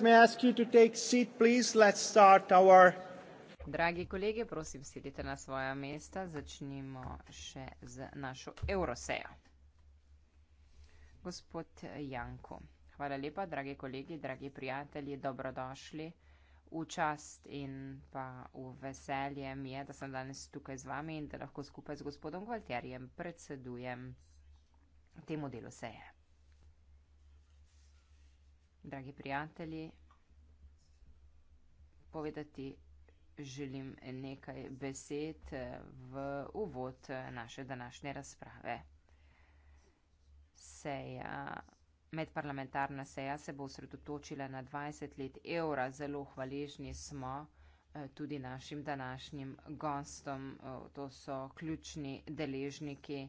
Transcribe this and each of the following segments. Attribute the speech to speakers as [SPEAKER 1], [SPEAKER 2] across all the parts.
[SPEAKER 1] May I ask you to take seat, please? Let's start our.
[SPEAKER 2] Dragi kolegi, prosim, sedite na svoja mesta, začnimo še z našo Eurosejo. Gospod Janko, hvala lepa, dragi kolegi, dragi prijatelji, dobrodošli. V čast in pa v veselje mi je, da sem danes tukaj z vami in da lahko skupaj z gospodom Gualtjerjem predsedujem temu delu seje dragi prijatelji, povedati želim nekaj besed v uvod naše današnje razprave. Seja, medparlamentarna seja se bo osredotočila na 20 let evra. Zelo hvaležni smo eh, tudi našim današnjim gostom. To so ključni deležniki.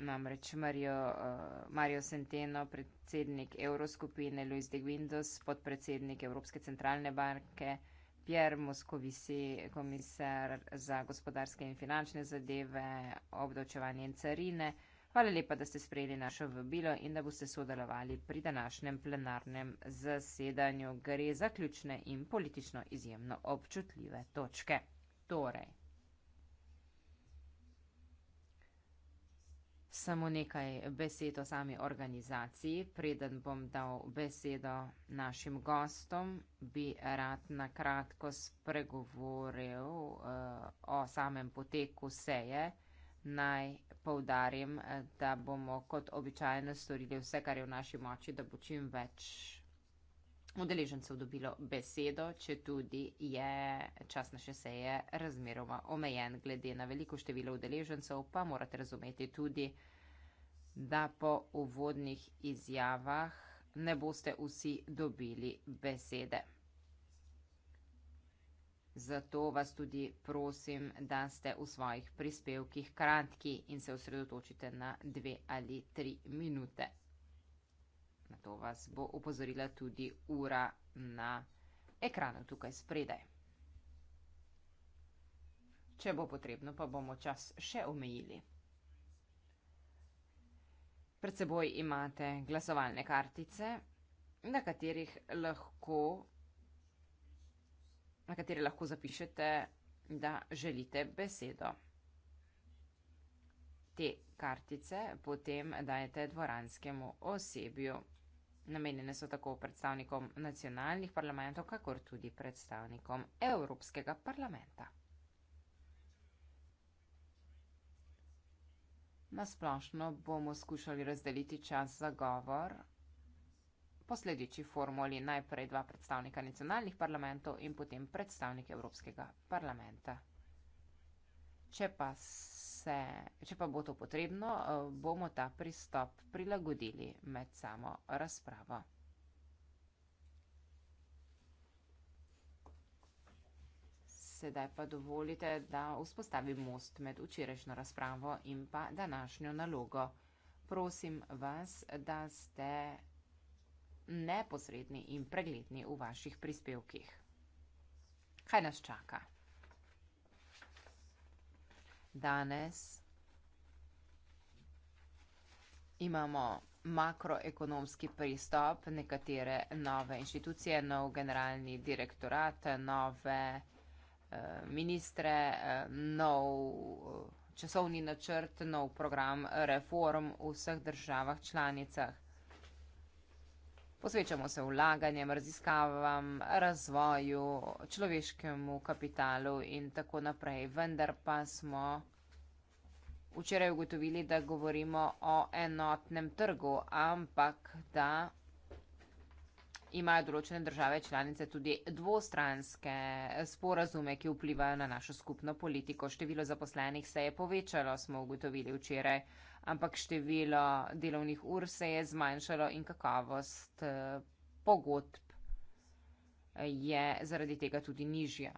[SPEAKER 2] Namreč Mario, uh, Mario Centeno, predsednik Euroskupine, Luis de Guindos, podpredsednik Evropske centralne banke, Pierre Moscovici, komisar za gospodarske in finančne zadeve, obdočevanje in carine. Hvala lepa, da ste sprejeli našo vabilo in da boste sodelovali pri današnjem plenarnem zasedanju. Gre za ključne in politično izjemno občutljive točke. Torej. Samo nekaj besed o sami organizaciji. Preden bom dal besedo našim gostom, bi rad na kratko spregovoril uh, o samem poteku seje. Naj povdarim, eh, da bomo kot običajno storili vse, kar je v naši moči, da bo čim več Udeležencev dobilo besedo, če tudi je čas naše seje razmeroma omejen glede na veliko število udeležencev, pa morate razumeti tudi, da po uvodnih izjavah ne boste vsi dobili besede. Zato vas tudi prosim, da ste v svojih prispevkih kratki in se osredotočite na dve ali tri minute Na to vas bo opozorila tudi ura na ekranu tukaj spredaj. Če bo potrebno, pa bomo čas še omejili. Pred seboj imate glasovalne kartice, na katerih lahko, na katere lahko zapišete, da želite besedo. Te kartice potem dajete dvoranskemu osebju. Namenjene so tako predstavnikom nacionalnih parlamentov, kakor tudi predstavnikom Evropskega parlamenta. Nasplošno bomo skušali razdeliti čas za govor po sledeči formuli najprej dva predstavnika nacionalnih parlamentov in potem predstavnik Evropskega parlamenta. Če pa, se, če pa bo to potrebno, eh, bomo ta pristop prilagodili med samo razpravo. Sedaj pa dovolite, da vzpostavim most med včerajšnjo razpravo in pa današnjo nalogo. Prosim vas, da ste neposredni in pregledni v vaših prispevkih. Kaj nas čaka? danes imamo makroekonomski pristop, nekatere nove inštitucije, nov generalni direktorat, nove eh, ministre, eh, nov eh, časovni načrt, nov program reform v vseh državah članicah. Posvečamo se vlaganjem, raziskavam, razvoju, človeškemu kapitalu in tako naprej. Vendar pa smo včeraj ugotovili, da govorimo o enotnem trgu, ampak da imajo določene države članice tudi dvostranske sporazume, ki vplivajo na našo skupno politiko. Število zaposlenih se je povečalo, smo ugotovili včeraj ampak število delovnih ur se je zmanjšalo in kakovost eh, pogodb eh, je zaradi tega tudi nižja.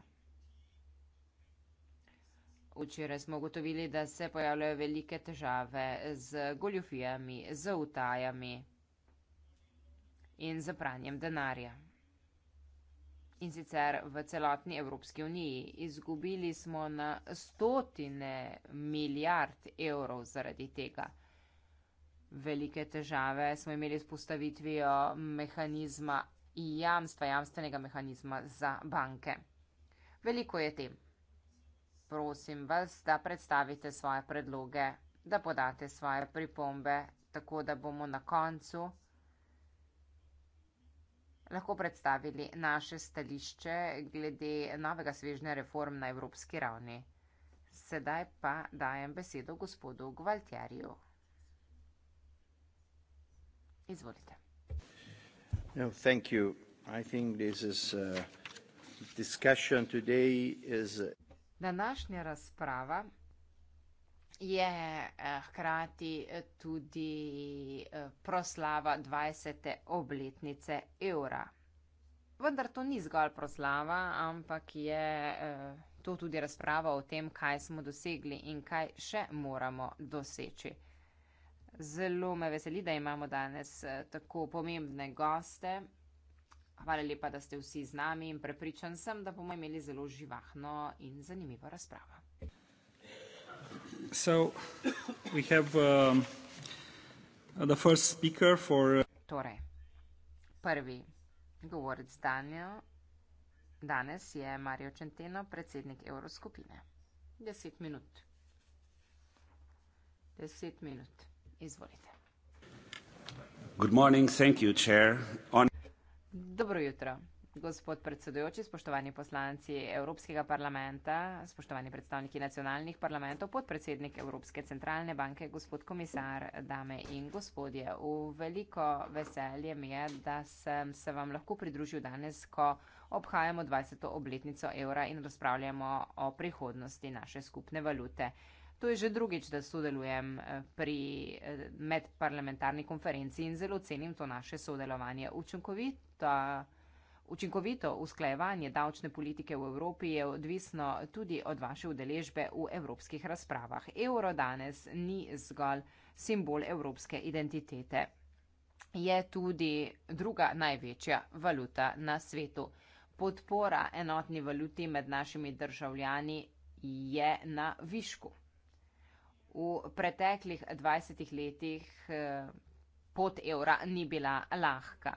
[SPEAKER 2] Včeraj smo ugotovili, da se pojavljajo velike težave z goljufijami, z utajami in z pranjem denarja in sicer v celotni Evropski uniji. Izgubili smo na stotine milijard evrov zaradi tega. Velike težave smo imeli s postavitvijo mehanizma jamstva, jamstvenega mehanizma za banke. Veliko je tem. Prosim vas, da predstavite svoje predloge, da podate svoje pripombe, tako da bomo na koncu lahko predstavili naše stališče glede novega svežnja reform na evropski ravni. Sedaj pa dajem besedo gospodu Gvaltjarju. Izvolite.
[SPEAKER 3] No, thank you. I think this is a uh, discussion today
[SPEAKER 2] is. Današnja razprava je eh, hkrati eh, tudi eh, proslava 20. obletnice evra. Vendar to ni zgolj proslava, ampak je to tudi razprava o tem, kaj smo dosegli in kaj še moramo doseči. Zelo me veseli, da imamo danes tako pomembne goste. Hvala lepa, da ste vsi z nami in prepričan sem, da bomo imeli zelo živahno in zanimivo razpravo.
[SPEAKER 1] So we have um, the first speaker for. Uh,
[SPEAKER 2] torej, prvi govorec Daniel. Danes je Mario Centeno, predsednik Euroskupine. Deset minut. Deset minut. Izvolite.
[SPEAKER 1] Good morning, thank you, chair.
[SPEAKER 4] On...
[SPEAKER 2] Dobro jutro. Gospod predsedujoči, spoštovani poslanci Evropskega parlamenta, spoštovani predstavniki nacionalnih parlamentov, podpredsednik Evropske centralne banke, gospod komisar, dame in gospodje, v veliko veselje mi je, da sem se vam lahko pridružil danes, ko obhajamo 20. obletnico evra in razpravljamo o prihodnosti naše skupne valute. To je že drugič, da sodelujem eh, pri eh, medparlamentarni konferenci in zelo cenim to naše sodelovanje. Učinkovito Učinkovito usklajevanje davčne politike v Evropi je odvisno tudi od vaše udeležbe v evropskih razpravah. Euro danes ni zgolj simbol evropske identitete. Je tudi druga največja valuta na svetu. Podpora enotni valuti med našimi državljani je na višku. V preteklih 20 letih eh, pot evra ni bila lahka.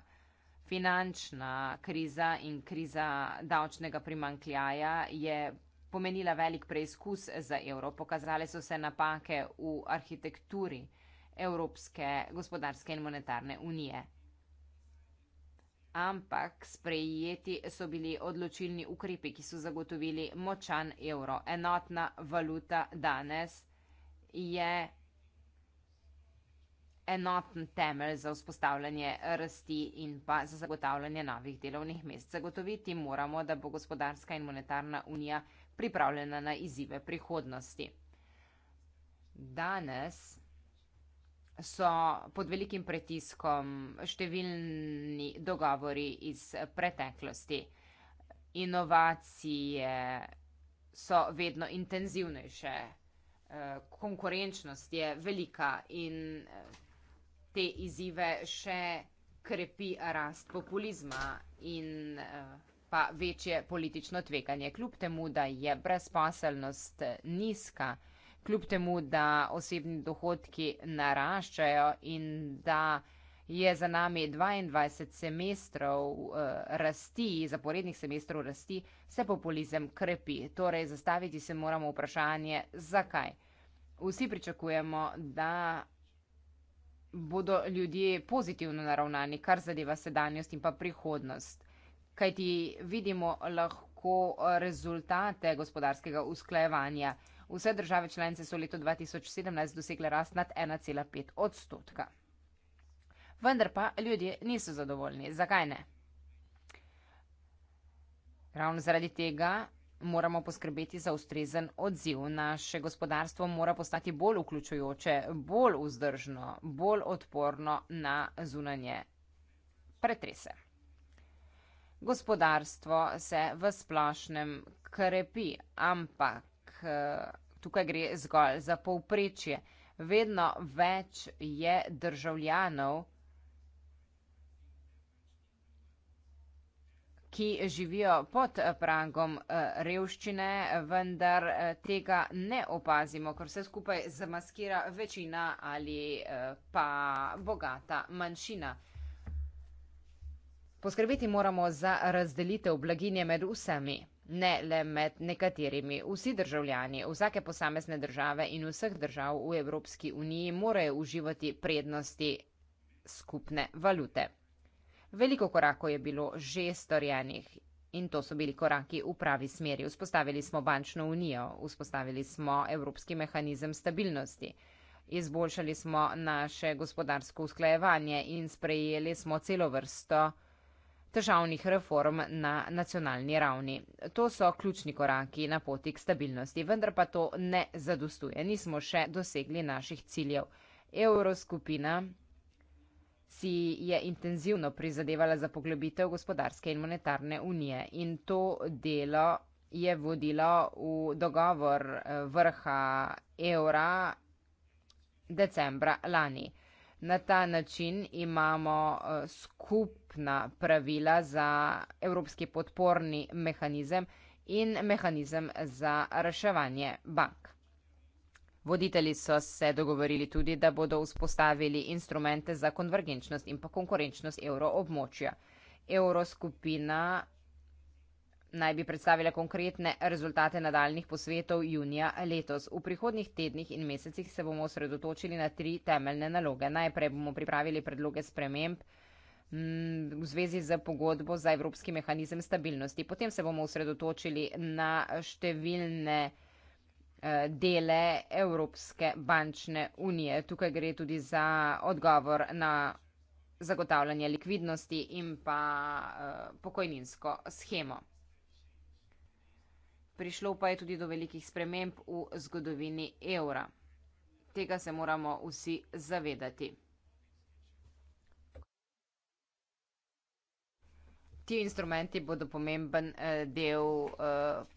[SPEAKER 2] Finančna kriza in kriza davčnega primankljaja je pomenila velik preizkus za evro. Pokazale so se napake v arhitekturi Evropske gospodarske in monetarne unije. Ampak sprejeti so bili odločilni ukrepi, ki so zagotovili močan evro. Enotna valuta danes je enoten temelj za vzpostavljanje rasti in pa za zagotavljanje novih delovnih mest. Zagotoviti moramo, da bo gospodarska in monetarna unija pripravljena na izzive prihodnosti. Danes so pod velikim pritiskom številni dogovori iz preteklosti. Inovacije so vedno intenzivnejše, eh, konkurenčnost je velika in eh, te izzive še krepi rast populizma in eh, pa večje politično tveganje. Kljub temu, da je brezposelnost nizka, kljub temu, da osebni dohodki naraščajo in da je za nami 22 semestrov eh, rasti, zaporednih semestrov rasti, se populizem krepi. Torej, zastaviti se moramo vprašanje, zakaj. Vsi pričakujemo, da bodo ljudje pozitivno naravnani, kar zadeva sedanjost in pa prihodnost. Kaj ti vidimo lahko rezultate gospodarskega usklajevanja? Vse države članice so leto 2017 dosegle rast nad 1,5 odstotka. Vendar pa ljudje niso zadovoljni. Zakaj ne? Ravno zaradi tega moramo poskrbeti za ustrezen odziv. Naše gospodarstvo mora postati bolj vključujoče, bolj vzdržno, bolj odporno na zunanje pretrese. Gospodarstvo se v splošnem krepi, ampak eh, tukaj gre zgolj za povprečje. Vedno več je državljanov, ki živijo pod eh, pragom eh, revščine, vendar eh, tega ne opazimo, ker vse skupaj zamaskira večina ali pa bogata manjšina. Poskrbeti moramo za razdelitev blaginje med vsemi, ne le med nekaterimi. Vsi državljani vsake posamezne države in vseh držav v Evropski uniji morajo uživati prednosti skupne valute. Veliko korakov je bilo že storjenih in to so bili koraki v pravi smeri. Vzpostavili smo bančno unijo, vzpostavili smo evropski mehanizem stabilnosti. Izboljšali smo naše gospodarsko usklajevanje in sprejeli smo celo vrsto težavnih reform na nacionalni ravni. To so ključni koraki na poti k stabilnosti, vendar pa to ne zadostuje. Nismo še dosegli naših ciljev. Euroskupina si je intenzivno prizadevala za poglobitev gospodarske in monetarne unije in to delo je vodilo v dogovor eh, vrha evra decembra lani. Na ta način imamo eh, skupna pravila za evropski podporni mehanizem in mehanizem za reševanje bank. Voditelji so se dogovorili tudi, da bodo vzpostavili instrumente za konvergenčnost in pa konkurenčnost evroobmočja. Evroskupina naj bi predstavila konkretne rezultate nadaljnih posvetov junija letos. V prihodnih tednih in mesecih se bomo osredotočili na tri temeljne naloge. Najprej bomo pripravili predloge sprememb mm, v zvezi z pogodbo za evropski mehanizem stabilnosti. Potem se bomo osredotočili na številne. Eh, dele Evropske bančne unije. Tukaj gre tudi za odgovor na zagotavljanje likvidnosti in pa eh, pokojninsko schemo. Prišlo pa je tudi do velikih sprememb v zgodovini evra. Tega se moramo vsi zavedati. Ti instrumenti bodo pomemben eh, del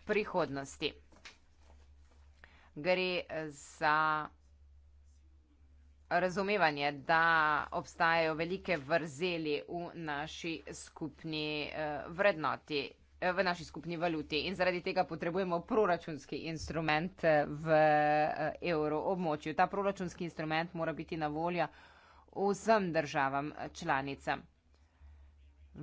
[SPEAKER 2] prihodnosti gre eh, za razumevanje, da obstajajo velike vrzeli v naši skupni eh, vrednoti eh, v naši skupni valuti in zaradi tega potrebujemo proračunski instrument v evro območju. Ta proračunski instrument mora biti na voljo vsem državam članicam.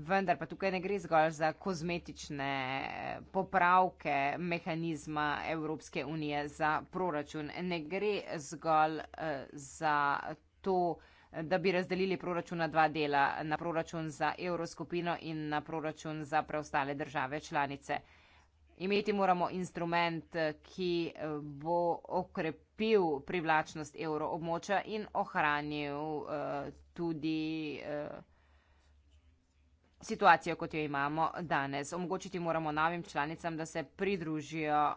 [SPEAKER 2] Vendar pa tukaj ne gre zgolj za kozmetične eh, popravke mehanizma Evropske unije za proračun. Ne gre zgolj eh, za to, da bi razdelili proračuna dva dela, na proračun za evroskupino in na proračun za preostale države članice. Imeti moramo instrument, eh, ki bo okrepil privlačnost evroobmoča in ohranil tudi situacijo, kot jo imamo danes. Omogočiti moramo novim članicam, da se pridružijo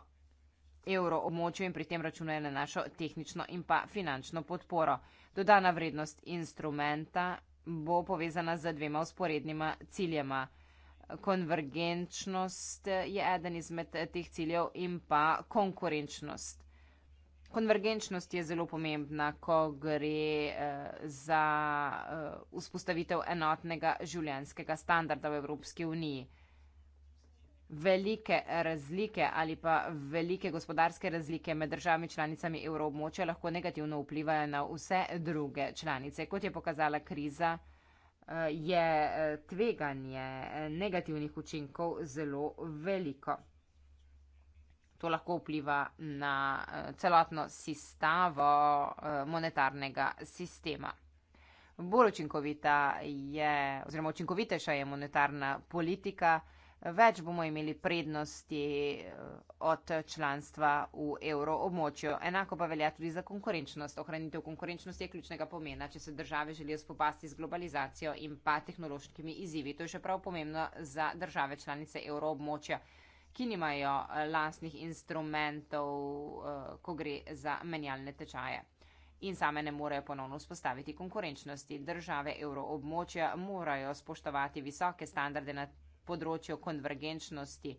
[SPEAKER 2] evroobmočju in pri tem računajo na našo tehnično in pa finančno podporo. Dodana vrednost instrumenta bo povezana z dvema usporednima ciljema. Konvergenčnost je eden izmed teh ciljev in pa konkurenčnost. Konvergenčnost je zelo pomembna, ko gre eh, za eh, vzpostavitev enotnega življenjskega standarda v Evropski uniji. Velike razlike ali pa velike gospodarske razlike med državami članicami evroobmočja lahko negativno vplivajo na vse druge članice. Kot je pokazala kriza, eh, je eh, tveganje eh, negativnih učinkov zelo veliko to lahko vpliva na eh, celotno sistavo eh, monetarnega sistema. Bolj učinkovita je, oziroma učinkovitejša je monetarna politika, več bomo imeli prednosti eh, od članstva v evroobmočju. Enako pa velja tudi za konkurenčnost. Ohranitev konkurenčnosti je ključnega pomena, če se države želijo spopasti z globalizacijo in pa tehnološkimi izzivi. To je še prav pomembno za države članice evroobmočja ki nimajo eh, lastnih instrumentov, eh, ko gre za menjalne tečaje in same ne morejo ponovno vzpostaviti konkurenčnosti. Države evroobmočja morajo spoštovati visoke standarde na področju konvergenčnosti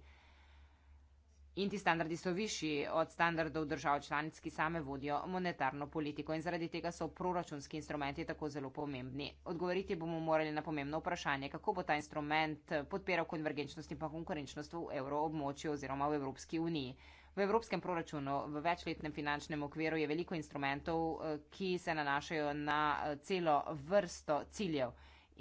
[SPEAKER 2] In ti standardi so višji od standardov držav članic, ki same vodijo monetarno politiko in zaradi tega so proračunski instrumenti tako zelo pomembni. Odgovoriti bomo morali na pomembno vprašanje, kako bo ta instrument podpiral konvergenčnost in pa konkurenčnost v evroobmočju oziroma v Evropski uniji. V evropskem proračunu, v večletnem finančnem okviru je veliko instrumentov, eh, ki se nanašajo na eh, celo vrsto ciljev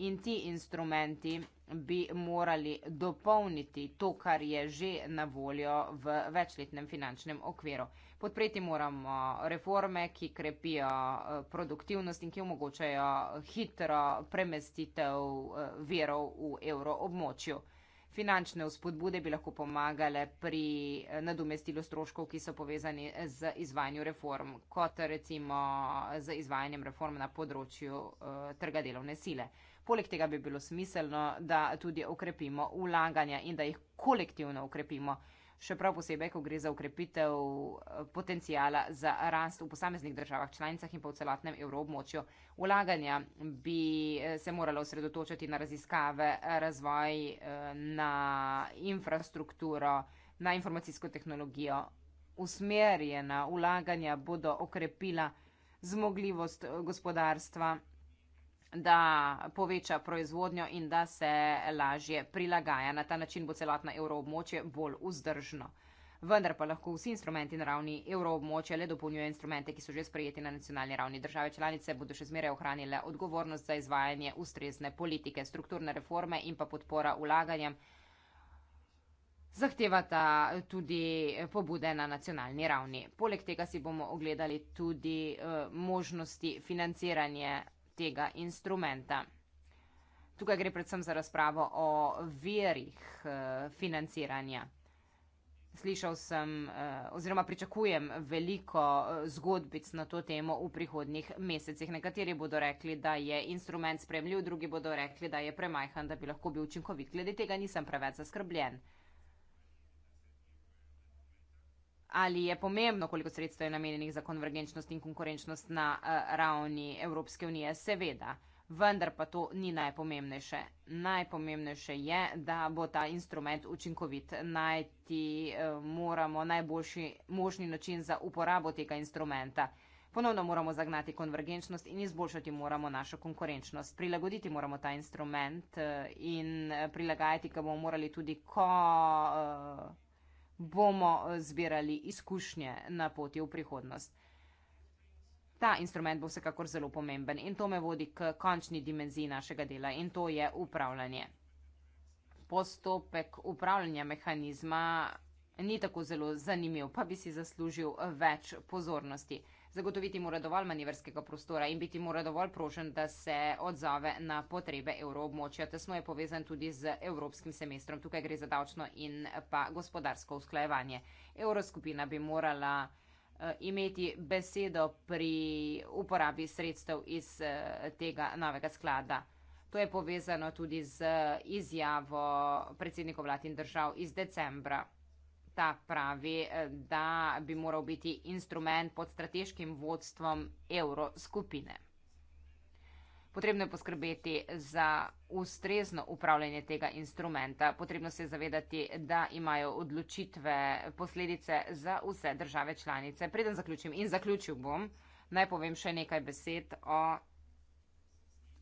[SPEAKER 2] in ti instrumenti bi morali dopolniti to, kar je že na voljo v večletnem finančnem okviru. Podpreti moramo reforme, ki krepijo eh, produktivnost in ki omogočajo eh, hitro premestitev eh, verov v evroobmočju. Finančne vzpodbude bi lahko pomagale pri nadomestilu stroškov, ki so povezani z izvajanjem reform, kot recimo z izvajanjem reform na področju trga delovne sile. Poleg tega bi bilo smiselno, da tudi okrepimo ulaganja in da jih kolektivno okrepimo, še prav posebej, ko gre za okrepitev eh, potencijala za rast v posameznih državah članicah in pa v celotnem evroobmočju. Ulaganja bi eh, se moralo osredotočiti na raziskave, razvoj, eh, na infrastrukturo, na informacijsko tehnologijo. Usmerjena ulaganja bodo okrepila zmogljivost gospodarstva da poveča proizvodnjo in da se lažje prilagaja. Na ta način bo celotna evroobmočje bolj vzdržno. Vendar pa lahko vsi instrumenti na ravni evroobmočja le dopolnjujejo instrumente, ki so že sprejeti na nacionalni ravni. Države članice bodo še zmeraj ohranile odgovornost za izvajanje ustrezne politike, strukturne reforme in pa podpora ulaganjem. Zahtevata tudi pobude na nacionalni ravni. Poleg tega si bomo ogledali tudi uh, možnosti financiranja tega instrumenta. Tukaj gre predvsem za razpravo o verjih eh, financiranja. Slišal sem eh, oziroma pričakujem veliko eh, zgodbic na to temo v prihodnih mesecih. Nekateri bodo rekli, da je instrument spremljiv, drugi bodo rekli, da je premajhen, da bi lahko bil učinkovit. Glede tega nisem preveč zaskrbljen. Ali je pomembno, koliko sredstev je namenjenih za konvergenčnost in konkurenčnost na uh, ravni Evropske unije? Seveda, vendar pa to ni najpomembnejše. Najpomembnejše je, da bo ta instrument učinkovit. Najti uh, moramo najboljši možni način za uporabo tega instrumenta. Ponovno moramo zagnati konvergenčnost in izboljšati moramo našo konkurenčnost. Prilagoditi moramo ta instrument uh, in prilagajati ga bomo morali tudi, ko. Uh, bomo eh, zbirali izkušnje na poti v prihodnost. Ta instrument bo vsekakor zelo pomemben in to me vodi k končni dimenziji našega dela in to je upravljanje. Postopek upravljanja mehanizma ni tako zelo zanimiv, pa bi si zaslužil več pozornosti zagotoviti mora dovolj manjverskega prostora in biti mora dovolj prožen, da se odzove na potrebe evroobmočja. Tesno je povezan tudi z evropskim semestrom. Tukaj gre za davčno in pa gospodarsko usklajevanje. Euroskupina bi morala eh, imeti besedo pri uporabi sredstev iz eh, tega novega sklada. To je povezano tudi z izjavo predsednikov vlad in držav iz decembra. Ta pravi, eh, da bi moral biti instrument pod strateškim vodstvom evroskupine. Potrebno je poskrbeti za ustrezno upravljanje tega instrumenta. Potrebno se zavedati, da imajo odločitve posledice za vse države članice. Preden zaključim in zaključil bom, naj povem še nekaj besed o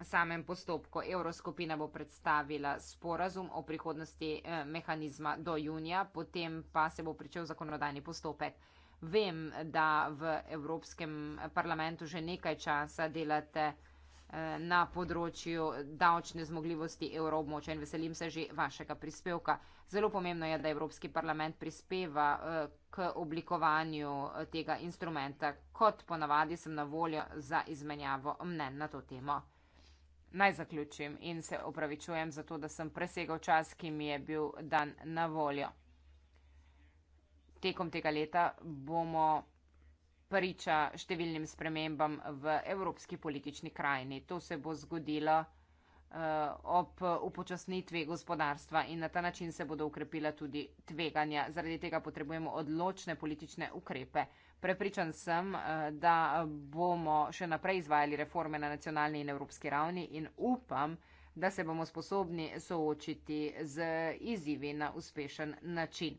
[SPEAKER 2] samem postopku. Evroskupina bo predstavila sporazum o prihodnosti eh, mehanizma do junija, potem pa se bo pričel zakonodajni postopek. Vem, da v Evropskem parlamentu že nekaj časa delate eh, na področju davčne zmogljivosti evroobmoča in veselim se že vašega prispevka. Zelo pomembno je, da Evropski parlament prispeva eh, k oblikovanju eh, tega instrumenta, kot ponavadi sem na voljo za izmenjavo mnen na to temo. Naj zaključim in se opravičujem za to, da sem presegal čas, ki mi je bil dan na voljo. Tekom tega leta bomo priča številnim spremembam v evropski politični krajini. To se bo zgodilo uh, ob upočasnitvi gospodarstva in na ta način se bodo ukrepila tudi tveganja. Zaradi tega potrebujemo odločne politične ukrepe. Prepričan sem, eh, da bomo še naprej izvajali reforme na nacionalni in evropski ravni in upam, da se bomo sposobni soočiti z izzivi na uspešen način.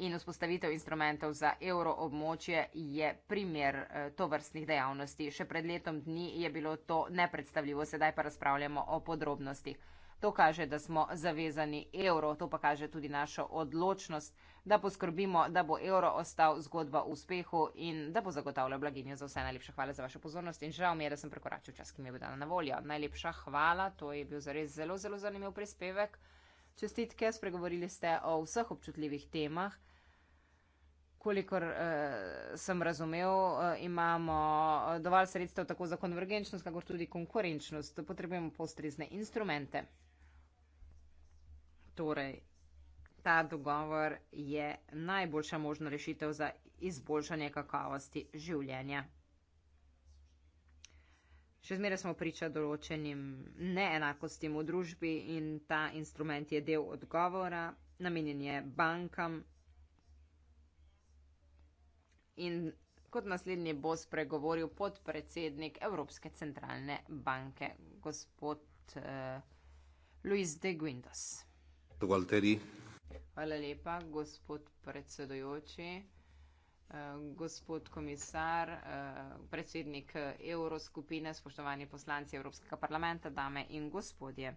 [SPEAKER 2] In vzpostavitev instrumentov za evroobmočje je primer eh, tovrstnih dejavnosti. Še pred letom dni je bilo to nepredstavljivo, sedaj pa razpravljamo o podrobnostih. To kaže, da smo zavezani evro, to pa kaže tudi našo odločnost da poskrbimo, da bo evro ostal zgodba o uspehu in da bo zagotavljal blaginjo za vse. Najlepša hvala za vašo pozornost in žal mi je, da sem prekoračil čas, ki mi je bil dan na voljo. Najlepša hvala, to je bil zares zelo, zelo zanimiv prispevek. Čestitke, spregovorili ste o vseh občutljivih temah. Kolikor eh, sem razumel, eh, imamo eh, dovolj sredstev tako za konvergenčnost, kakor tudi konkurenčnost. Potrebujemo postrezne instrumente. Torej, ta dogovor je najboljša možna rešitev za izboljšanje kakovosti življenja. Še zmeraj smo priča določenim neenakostim v družbi in ta instrument je del odgovora, namenjen je bankam. In kot naslednji bo spregovoril podpredsednik Evropske centralne banke, gospod uh, Luis de Guindos. Hvala lepa, gospod predsedujoči. Eh, gospod komisar, eh, predsednik eh, Evroskupine, spoštovani poslanci Evropskega parlamenta, dame in gospodje.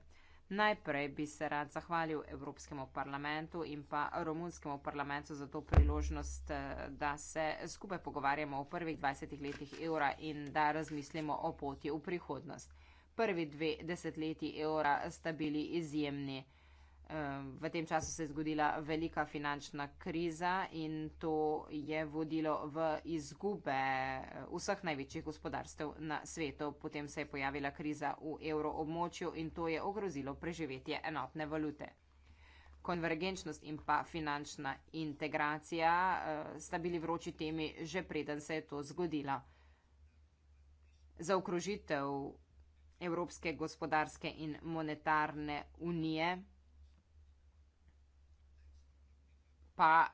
[SPEAKER 2] Najprej bi se rad zahvalil Evropskemu parlamentu in pa Romunskemu parlamentu za to priložnost, da se skupaj pogovarjamo o prvih 20 letih evra in da razmislimo o poti v prihodnost. Prvi dve desetletji evra sta bili izjemni v tem času se je zgodila velika finančna kriza in to je vodilo v izgube eh, vseh največjih gospodarstev na svetu. Potem se je pojavila kriza v evroobmočju in to je ogrozilo preživetje enotne valute. Konvergenčnost in pa finančna integracija eh, sta bili vroči temi, že preden se je to zgodilo. Za okrožitev Evropske gospodarske in monetarne unije. pa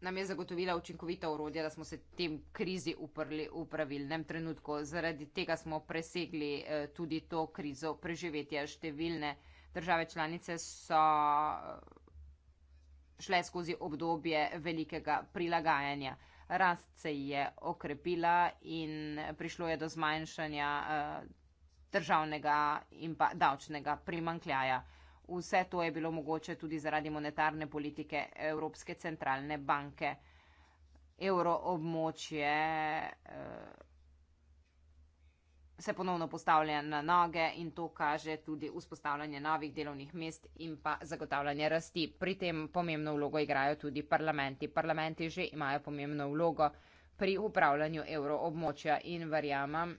[SPEAKER 2] nam je zagotovila učinkovita urodja, da smo se tem krizi uprli v pravilnem trenutku. Zaradi tega smo presegli eh, tudi to krizo preživetja. Številne države članice so eh, šle skozi obdobje velikega prilagajanja. Rast se je okrepila in prišlo je do zmanjšanja eh, državnega in pa davčnega primankljaja. Vse to je bilo mogoče tudi zaradi monetarne politike Evropske centralne banke. Euroobmočje eh, se ponovno postavlja na noge in to kaže tudi vzpostavljanje novih delovnih mest in pa zagotavljanje rasti. Pri tem pomembno vlogo igrajo tudi parlamenti. Parlamenti že imajo pomembno vlogo pri upravljanju evroobmočja in verjamem,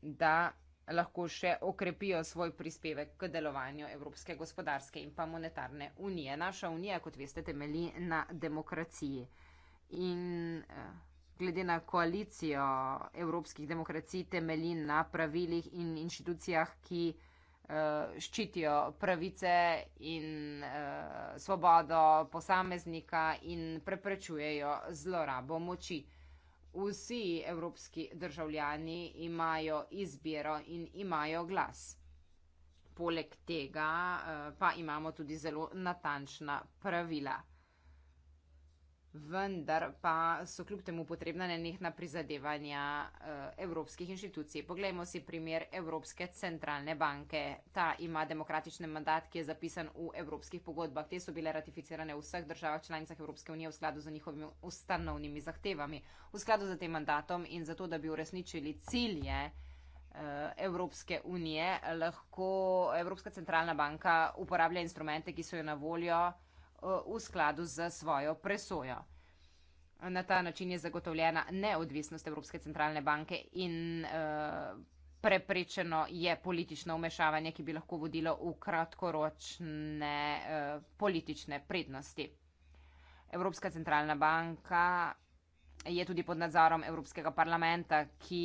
[SPEAKER 2] da lahko še okrepijo svoj prispevek k delovanju Evropske gospodarske in pa monetarne unije. Naša unija, kot veste, temelji na demokraciji. In eh, glede na koalicijo evropskih demokracij temelji na pravilih in inštitucijah, ki eh, ščitijo pravice in eh, svobodo posameznika in preprečujejo zlorabo moči. Vsi evropski državljani imajo izbiro in imajo glas. Poleg tega eh, pa imamo tudi zelo natančna pravila vendar pa so kljub temu potrebna nenehna prizadevanja eh, evropskih inštitucij. Poglejmo si primer Evropske centralne banke. Ta ima demokratičen mandat, ki je zapisan v evropskih pogodbah. Te so bile ratificirane v vseh državah članicah Evropske unije v skladu z njihovimi ustanovnimi zahtevami. V skladu z tem mandatom in zato, da bi uresničili cilje. Eh, Evropske unije lahko Evropska centralna banka uporablja instrumente, ki so jo na voljo Eh, v skladu z svojo presojo. Na ta način je zagotovljena neodvisnost Evropske centralne banke in eh, preprečeno je politično umešavanje, ki bi lahko vodilo v kratkoročne eh, politične prednosti. Evropska centralna banka je tudi pod nadzorom Evropskega parlamenta, ki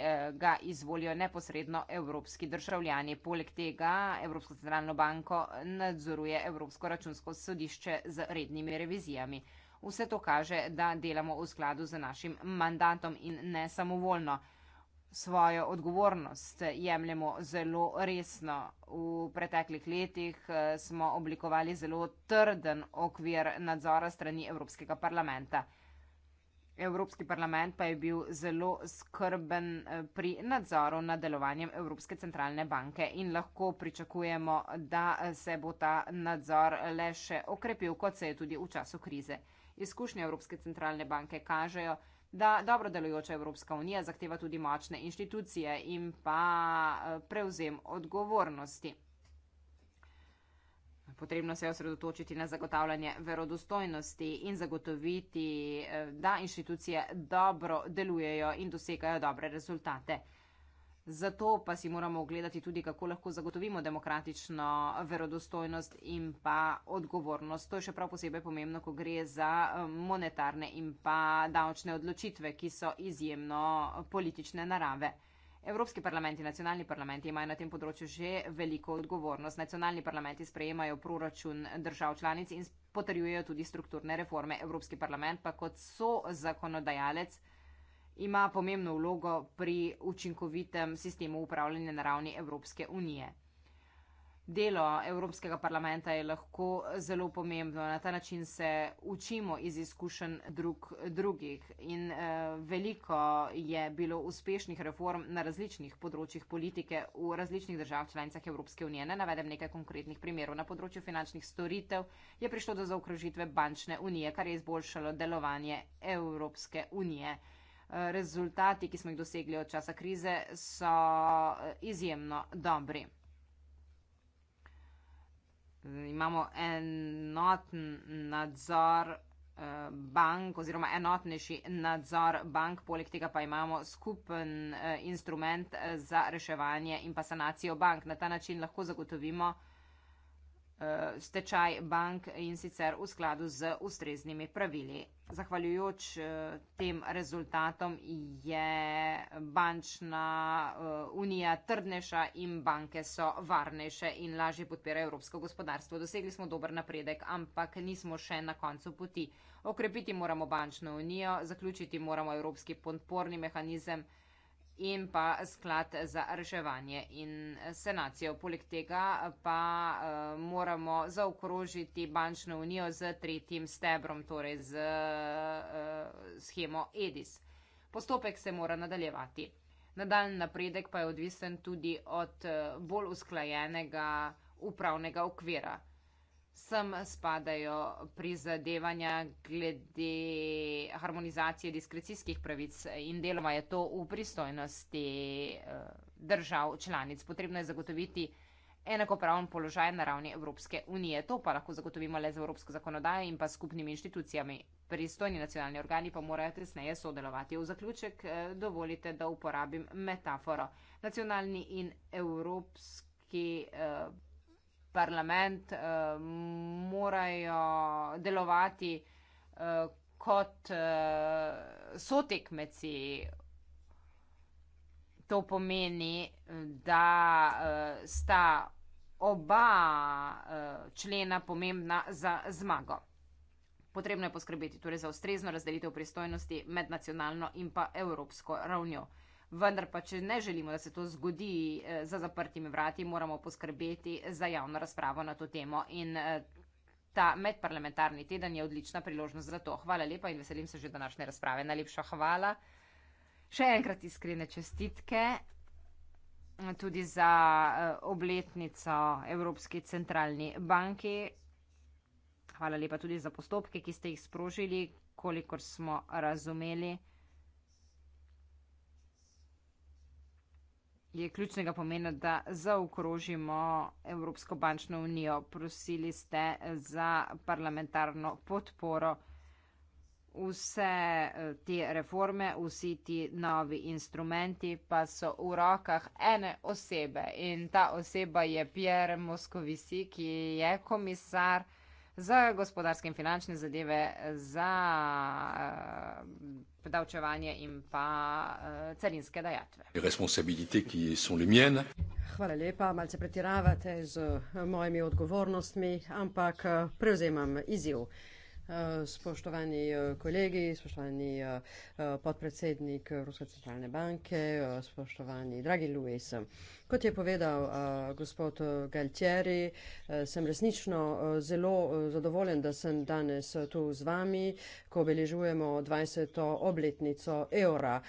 [SPEAKER 2] eh, ga izvolijo neposredno evropski državljani. Poleg tega Evropsko centralno banko nadzoruje Evropsko računsko sodišče z rednimi revizijami. Vse to kaže, da delamo v skladu z našim mandatom in ne samovoljno. Svojo odgovornost jemljemo zelo resno. V preteklih letih eh, smo oblikovali zelo trden okvir nadzora strani Evropskega parlamenta. Evropski parlament pa je bil zelo skrben eh, pri nadzoru nad delovanjem Evropske centralne banke in lahko pričakujemo, da eh, se bo ta nadzor eh, le še okrepil, kot se je tudi v času krize. Izkušnje Evropske centralne banke kažejo, da dobro delujoča Evropska unija zahteva tudi močne inštitucije in pa prevzem odgovornosti potrebno se osredotočiti na zagotavljanje verodostojnosti in zagotoviti, eh, da inštitucije dobro delujejo in dosegajo dobre rezultate. Zato pa si moramo ogledati tudi, kako lahko zagotovimo demokratično verodostojnost in pa odgovornost. To je še prav posebej pomembno, ko gre za eh, monetarne in pa davčne odločitve, ki so izjemno politične narave. Evropski parlament in nacionalni parlament imajo na tem področju že veliko odgovornost. Nacionalni parlamenti sprejemajo proračun držav članic in potrjujejo tudi strukturne reforme. Evropski parlament pa kot so zakonodajalec ima pomembno vlogo pri učinkovitem sistemu upravljanja na ravni Evropske unije. Delo Evropskega parlamenta je lahko zelo pomembno, na ta način se učimo iz izkušenj drug, drugih in e, veliko je bilo uspešnih reform na različnih področjih politike v različnih držav članicah Evropske unije. Ne navedem nekaj konkretnih primerov. Na področju finančnih storitev je prišlo do zaokrožitve bančne unije, kar je izboljšalo delovanje Evropske unije. Eh, rezultati, ki smo jih dosegli od časa krize, so eh, izjemno dobri imamo enoten nadzor eh, bank oziroma enotnejši nadzor bank, poleg tega pa imamo skupen eh, instrument eh, za reševanje in pa sanacijo bank. Na ta način lahko zagotovimo, Eh, stečaj bank in sicer v skladu z ustreznimi pravili. Zahvaljujoč eh, tem rezultatom je bančna eh, unija trdnejša in banke so varnejše in lažje podpirajo evropsko gospodarstvo. Dosegli smo dober napredek, ampak nismo še na koncu poti. Okrepiti moramo bančno unijo, zaključiti moramo evropski podporni mehanizem in pa sklad za reševanje in senacijo. Poleg tega pa eh, moramo zaokrožiti bančno unijo z tretjim stebrom, torej z eh, schemo EDIS. Postopek se mora nadaljevati. Nadaljni napredek pa je odvisen tudi od eh, bolj usklajenega upravnega okvira sem spadajo prizadevanja glede harmonizacije diskrecijskih pravic in deloma je to v pristojnosti eh, držav članic. Potrebno je zagotoviti enakopraven položaj na ravni Evropske unije. To pa lahko zagotovimo le z Evropsko zakonodajo in pa skupnimi inštitucijami. Pristojni nacionalni organi pa morajo tesneje sodelovati. V zaključek eh, dovolite, da uporabim metaforo. Nacionalni in evropski. Eh, parlament uh, morajo delovati uh, kot uh, sotekmeci. To pomeni, da uh, sta oba uh, člena pomembna za zmago. Potrebno je poskrbeti torej za ustrezno razdelitev pristojnosti med nacionalno in pa evropsko ravnjo. Uh, vendar pa, če ne želimo, da se to zgodi eh, za zaprtimi vrati, moramo poskrbeti za javno razpravo na to temo. In eh, ta medparlamentarni teden je odlična priložnost za to. Hvala lepa in veselim se že današnje razprave. Najlepša hvala. Še enkrat iskrene čestitke eh, tudi za obletnico Evropski centralni banki. Hvala lepa tudi za postopke, ki ste jih sprožili, kolikor smo razumeli. je ključnega pomena, da zaokrožimo Evropsko bančno unijo. Prosili ste za parlamentarno podporo vse eh, te reforme, vsi ti novi instrumenti pa so v rokah ene osebe in ta oseba je Pierre Moscovici, ki je komisar za gospodarske in finančne zadeve, za uh, eh, predavčevanje in pa uh, carinske dajatve. Hvala lepa, malce pretiravate
[SPEAKER 5] z eh, mojimi odgovornostmi, ampak prevzemam izjiv. Eh, spoštovani eh, kolegi, spoštovani eh, podpredsednik Ruske centralne banke, spoštovani dragi Luis. Kot je povedal gospod Galtieri, sem resnično zelo zadovoljen, da sem danes tu z vami, ko obeležujemo 20. obletnico evra.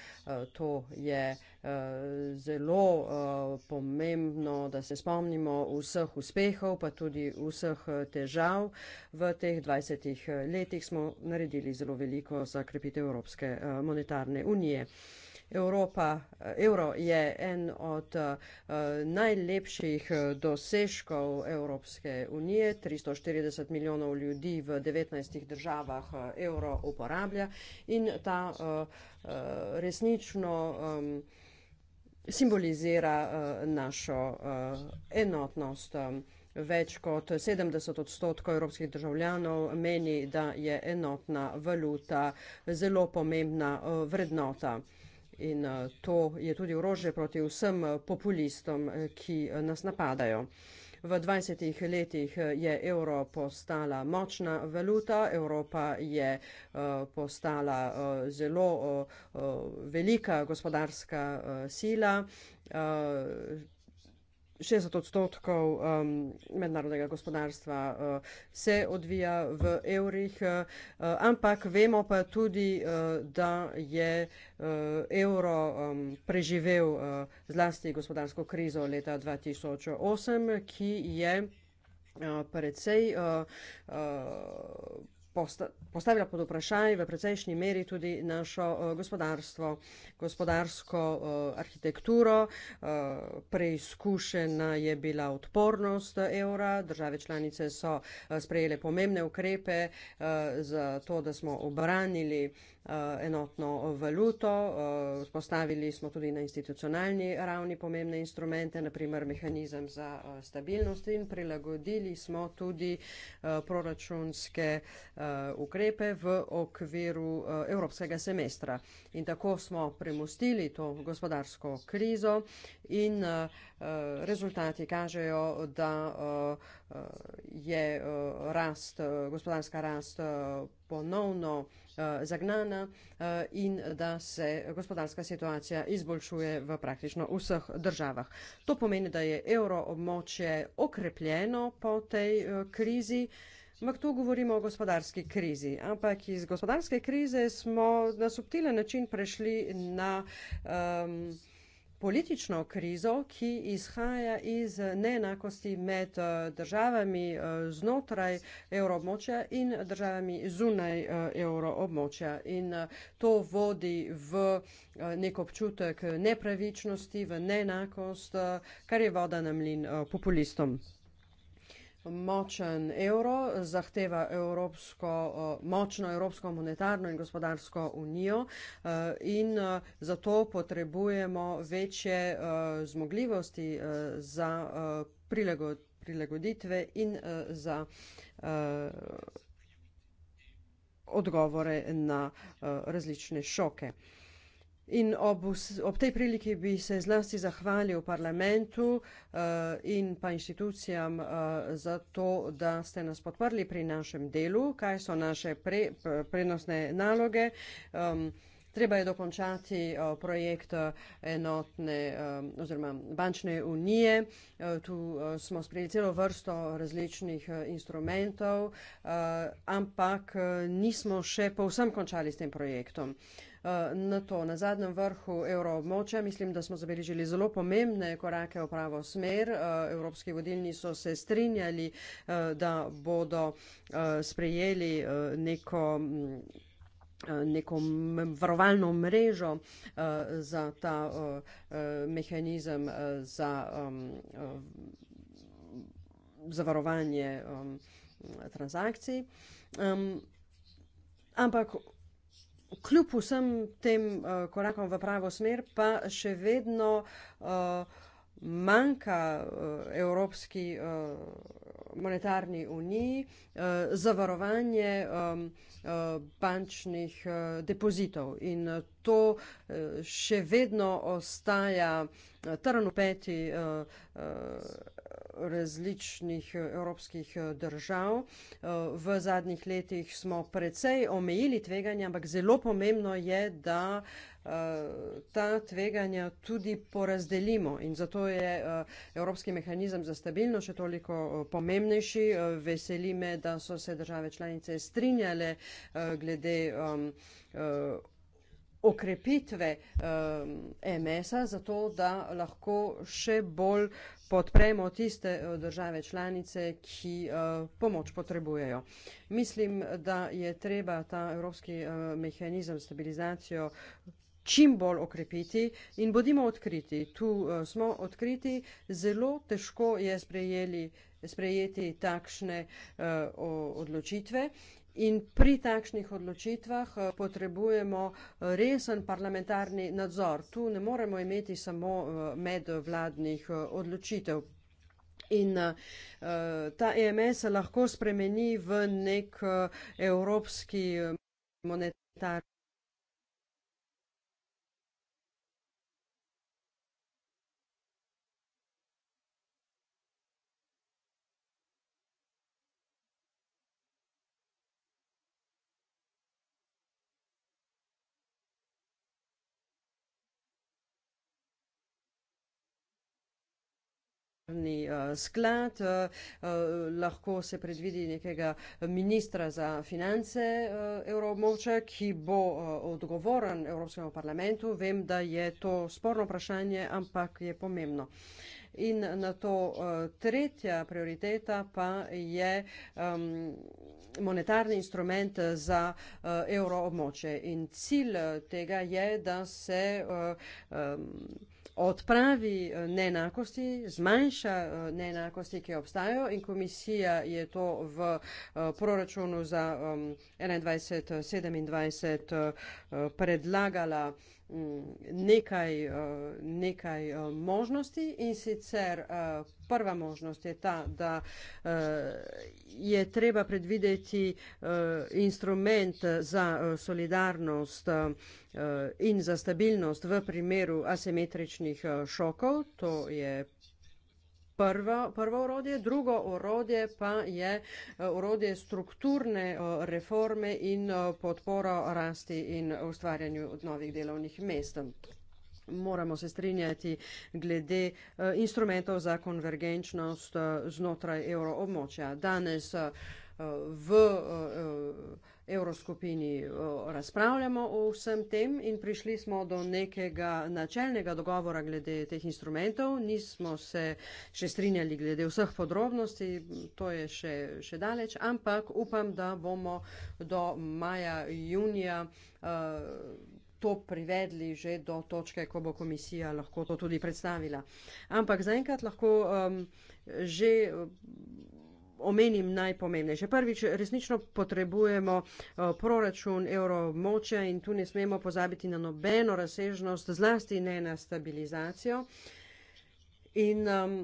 [SPEAKER 5] To je Eh, zelo uh, pomembno, da se spomnimo vseh uspehov, pa tudi vseh eh, težav. V teh 20 letih smo naredili zelo veliko za krepitev Evropske uh, monetarne unije. Evropa, evro je en od uh, najlepših dosežkov Evropske unije. 340 milijonov ljudi v 19 državah evro uporablja in ta uh, uh, resnično. Um, simbolizira uh, našo uh, enotnost. Eh, več kot 70 odstotkov evropskih državljanov meni, da je enotna valuta zelo pomembna uh, vrednota. In uh, to je tudi orožje proti vsem populistom, ki uh, nas napadajo. V 20 letih eh, je evro postala močna valuta, Evropa je eh, postala eh, zelo velika gospodarska sila. 60 odstotkov um, mednarodnega gospodarstva uh, se odvija v evrih, uh, uh, ampak vemo pa tudi, uh, da je uh, evro um, preživel uh, zlasti gospodarsko krizo leta 2008, ki je uh, precej. Uh, uh, posta, postavila pod vprašanje v precejšnji meri tudi našo uh, gospodarstvo, gospodarsko uh, arhitekturo. Uh, preizkušena je bila odpornost evra, države članice so uh, sprejele pomembne ukrepe uh, za to, da smo obranili uh, Eh, enotno valuto. Spostavili eh, smo tudi na institucionalni ravni pomembne instrumente, naprimer mehanizem za eh, stabilnost in prilagodili smo tudi proračunske ukrepe v okviru evropskega semestra. In tako smo premustili to gospodarsko krizo in rezultati kažejo, da je rast, gospodarska rast ponovno Eh, zagnana eh, in da se gospodarska situacija izboljšuje v praktično vseh državah. To pomeni, da je evro območje okrepljeno po tej eh, krizi. Mak tu govorimo o gospodarski krizi, ampak iz gospodarske krize smo na subtilen način prešli na. Um, politično krizo, ki izhaja iz neenakosti med eh, državami eh, znotraj evroobmočja in državami zunaj eh, evroobmočja. In to vodi v nek občutek nepravičnosti, v neenakost, kar je voda na mlin populistom. Močen evro zahteva evropsko, močno evropsko monetarno in gospodarsko unijo e, in e, zato potrebujemo večje e, zmogljivosti za prilagoditve in za odgovore na različne šoke. In ob, ob tej priliki bi se zlasti zahvalil parlamentu uh, in pa inštitucijam uh, za to, da ste nas podprli pri našem delu, kaj so naše pre, pre, prednostne naloge. Um, treba je dokončati uh, projekt enotne um, oziroma bančne unije. Uh, tu uh, smo sprejeli celo vrsto različnih uh, instrumentov, uh, ampak uh, nismo še povsem končali s tem projektom. Uh, Eh, na to na zadnjem vrhu evroobmočja. Mislim, da smo zabeležili zelo pomembne korake v pravo smer. Eh, evropski vodilni so se strinjali, eh, da bodo sprejeli neko neko varovalno mrežo uh, za ta uh, uh, mehanizem uh, za um, uh, zavarovanje um, transakcij. Um, ampak kljub vsem tem uh, korakom v pravo smer, pa še vedno uh, manjka uh, Evropski uh, monetarni uniji uh, zavarovanje um, uh, bančnih uh, depozitov. In uh, to uh, še vedno ostaja uh, trn v peti. Uh, uh, različnih eh, evropskih eh, držav. Eh, v zadnjih letih smo precej omejili tveganja, ampak zelo pomembno je, da ta tveganja tudi porazdelimo in zato je Evropski mehanizem za stabilnost še toliko pomembnejši. Veseli me, da so se države članice strinjale glede um, okrepitve um, ehm, MS-a, zato da lahko še bolj podpremo tiste eh, države članice, ki uh, pomoč potrebujejo. Mislim, da je treba ta evropski uh, mehanizem stabilizacijo čim bolj okrepiti in bodimo odkriti. Tu uh, smo odkriti. Zelo težko je sprejeli, sprejeti takšne uh, odločitve. Uh, In pri takšnih odločitvah eh, potrebujemo eh, resen parlamentarni nadzor. Tu ne moremo imeti samo eh, medvladnih odločitev. In uh, ta EMS se lahko spremeni v nek uh, evropski monetarni. državni eh, sklad, eh, eh, lahko se predvidi nekega ministra za finance evromoča, ki bo odgovoren Evropskemu parlamentu. Vem, da je to sporno vprašanje, ampak je pomembno. In na to tretja prioriteta pa je um, monetarni instrument za uh, evroobmoče. In cilj tega je, da se. Uh, um, odpravi eh, neenakosti, zmanjša eh, neenakosti, ki obstajajo in komisija je to v eh, proračunu za 2021-2027 um, predlagala mm, nekaj, nekaj možnosti in sicer Prva možnost je ta, da eh, je treba predvideti eh, instrument za eh, solidarnost in za stabilnost v primeru asimetričnih šokov. To je prvo, prvo orodje. Drugo orodje pa je orodje strukturne reforme in podporo rasti in ustvarjanju novih delovnih mest moramo se strinjati glede eh, instrumentov za konvergenčnost eh, znotraj evroobmočja. Danes eh, v Evroskupini razpravljamo o vsem tem in prišli smo do nekega načelnega dogovora glede teh instrumentov. Nismo se še strinjali glede vseh podrobnosti, to je še, še daleč, ampak upam, da bomo do maja, junija to privedli že do točke, ko bo komisija lahko to tudi predstavila. Ampak zaenkrat lahko um, že um, omenim najpomembnejše. Prvič, resnično potrebujemo uh, proračun evromoča in tu ne smemo pozabiti na nobeno razsežnost, zlasti ne na stabilizacijo. In um,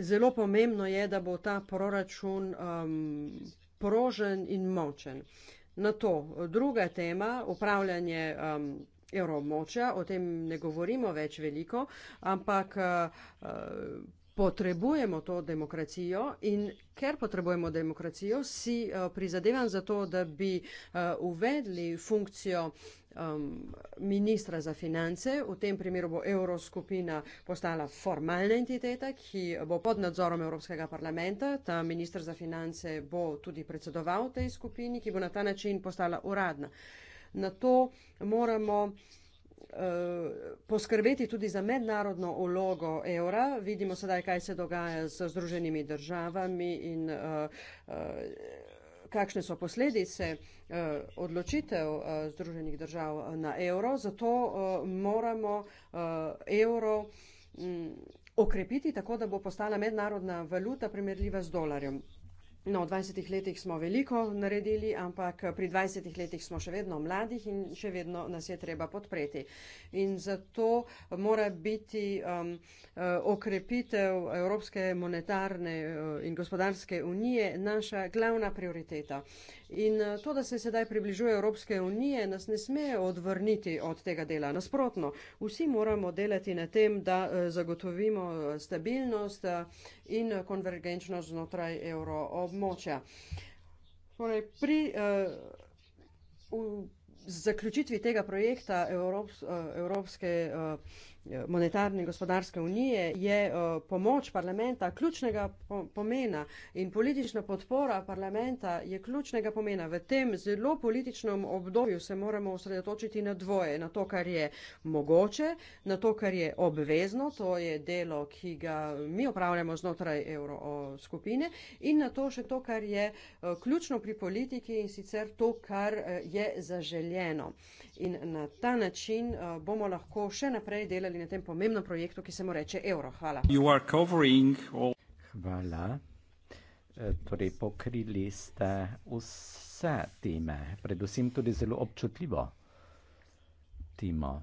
[SPEAKER 5] zelo pomembno je, da bo ta proračun um, porožen in močen. Uh, Na to druga tema, upravljanje um, evroobmočja, o tem ne govorimo več veliko, ampak uh, uh, potrebujemo to demokracijo in ker potrebujemo demokracijo, si uh, prizadevam za to, da bi uh, uvedli funkcijo uh, um, ministra za finance, v tem primeru bo evroskupina postala formalna entiteta, ki bo pod nadzorom Evropskega parlamenta. Ta ministr za finance bo tudi predsedoval tej skupini, ki bo na ta način postala uradna. Na to moramo uh, poskrbeti tudi za mednarodno ulogo evra. Vidimo sedaj, kaj se dogaja z Združenimi državami in uh, uh, kakšne so posledice eh, odločitev eh, Združenih držav na evro. Zato eh, moramo evro mm, okrepiti tako, da bo postala mednarodna valuta primerljiva z dolarjem. No, v 20 letih smo veliko naredili, ampak pri 20 letih smo še vedno mladih in še vedno nas je treba podpreti. In zato mora biti um, uh, okrepitev Evropske monetarne uh, in gospodarske unije naša glavna prioriteta. In eh, to, da se sedaj približuje Evropske unije, nas ne sme odvrniti od tega dela. Nasprotno, vsi moramo delati na tem, da eh, zagotovimo eh, stabilnost in konvergenčnost znotraj evroobmočja. Torej, pri uh, zaključitvi tega projekta Evrops, uh, Evropske uh, monetarne in gospodarske unije je pomoč parlamenta ključnega pomena in politična podpora parlamenta je ključnega pomena. V tem zelo političnem obdobju se moramo osredotočiti na dvoje, na to, kar je mogoče, na to, kar je obvezno, to je delo, ki ga mi opravljamo znotraj evroskupine in na to še to, kar je ključno pri politiki in sicer to, kar je zaželjeno. In na ta način bomo lahko še naprej delali delali na tem pomembnem projektu, ki se mu reče Euro. Hvala.
[SPEAKER 3] All... Hvala. E, torej, pokrili ste vse time, predvsem tudi zelo občutljivo timo.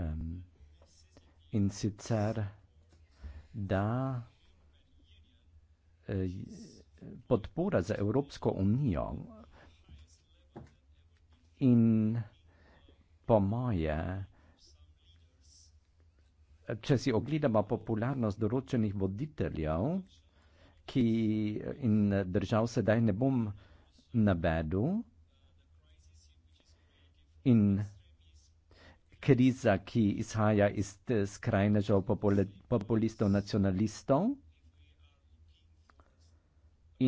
[SPEAKER 3] Um, in sicer, da eh, podpora za Evropsko unijo in po moje, če si ogledamo popularnost določenih voditeljev, ki in držav sedaj ne bom navedel, in kriza, ki izhaja iz skrajnežev populistov, nacionalistov,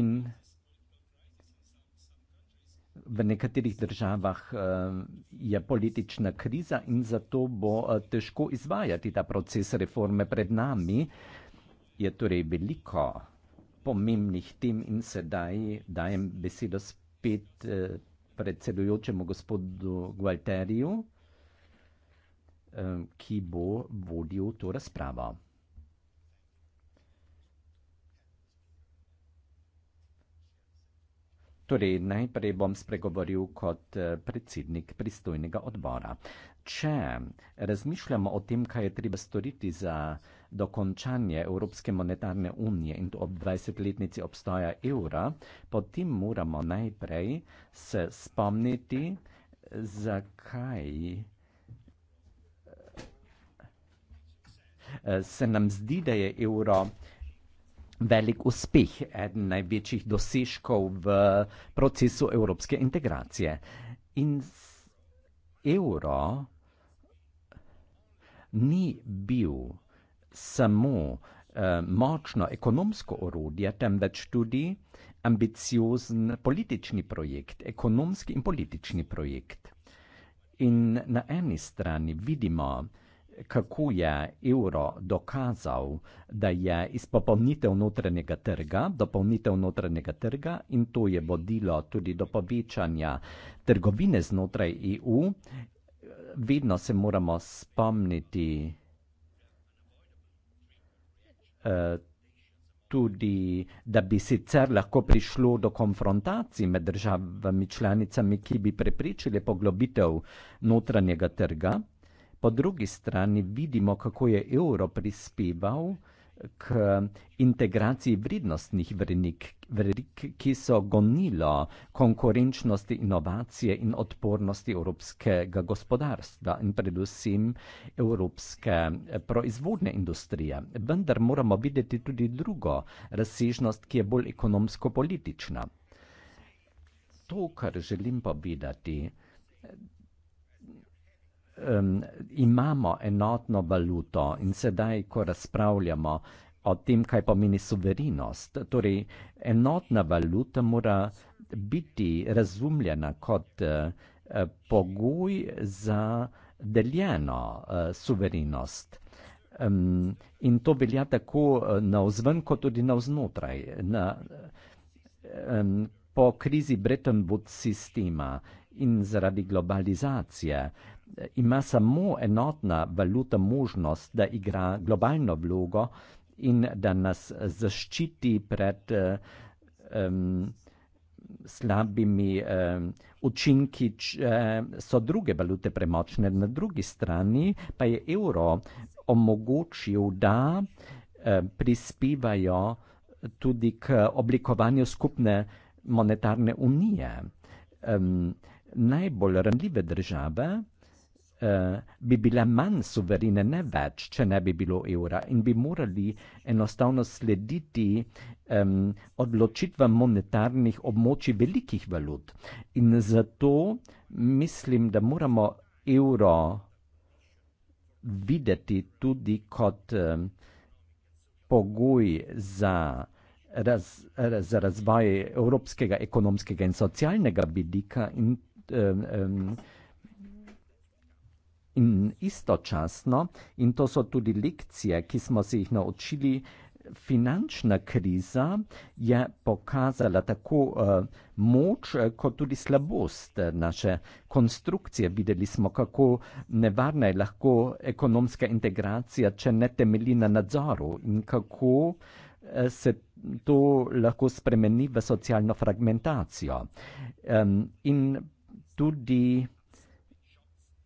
[SPEAKER 3] in v nekaterih državah eh, je politična kriza in zato bo eh, težko izvajati ta proces reforme pred nami. Je torej veliko pomembnih tem in sedaj dajem besedo spet eh, predsedujočemu gospodu Gualteriju, ki bo vodil to razpravo. Torej, najprej bom spregovoril kot eh, predsednik pristojnega odbora. Če razmišljamo o tem, kaj je treba storiti za dokončanje Evropske monetarne unije in ob 20-letnici obstoja evra, potem moramo najprej se spomniti, zakaj eh, se nam zdi, da je evro velik uspeh, eden največjih dosežkov v procesu evropske integracije. In evro ni bil samo eh, močno ekonomsko orodje, temveč tudi ambiciozen politični projekt, ekonomski in politični projekt. In na eni strani vidimo, kako je evro dokazal, da je izpopolnitev notranjega trga, dopolnitev notranjega trga in to je vodilo tudi do povečanja trgovine znotraj EU, vedno se moramo spomniti uh, tudi, da bi sicer lahko prišlo do konfrontacij med državami članicami, ki bi preprečili poglobitev notranjega trga po drugi strani vidimo, kako je evro prispeval k integraciji vrednostnih vrednik, vrednik, ki so gonilo konkurenčnosti, inovacije in odpornosti evropskega gospodarstva in predvsem evropske eh, proizvodne industrije. Vendar moramo videti tudi drugo razsežnost, ki je bolj ekonomsko-politična. To, kar želim povedati, um, imamo enotno valuto in sedaj, ko razpravljamo o tem, kaj pomeni suverenost, torej enotna valuta mora biti razumljena kot uh, pogoj za deljeno uh, suverenost. Um, in to velja tako eh, na vzven, kot tudi na vznotraj. Na, um, po krizi Bretton Woods sistema in zaradi globalizacije ima samo enotna valuta možnost, da igra globalno vlogo in da nas zaščiti pred um, slabimi um, učinki, če so druge valute premočne. Na drugi strani pa je evro omogočil, da um, prispevajo tudi k oblikovanju skupne monetarne unije. Um, najbolj ranljive države, Eh, bi bile manj suverene, ne več, če ne bi bilo evra in bi morali enostavno slediti um, odločitvam monetarnih območij velikih valut. In zato mislim, da moramo evro videti tudi kot um, pogoj za. Raz, raz, za razvoj evropskega ekonomskega in socialnega vidika, in um, um, In istočasno, in to so tudi lekcije, ki smo se jih naučili, finančna kriza je pokazala tako uh, moč, eh, kot tudi slabost eh, naše konstrukcije. Videli smo, kako nevarna je lahko ekonomska integracija, če ne temelji na nadzoru in kako se to lahko spremeni v socialno fragmentacijo. Um, in tudi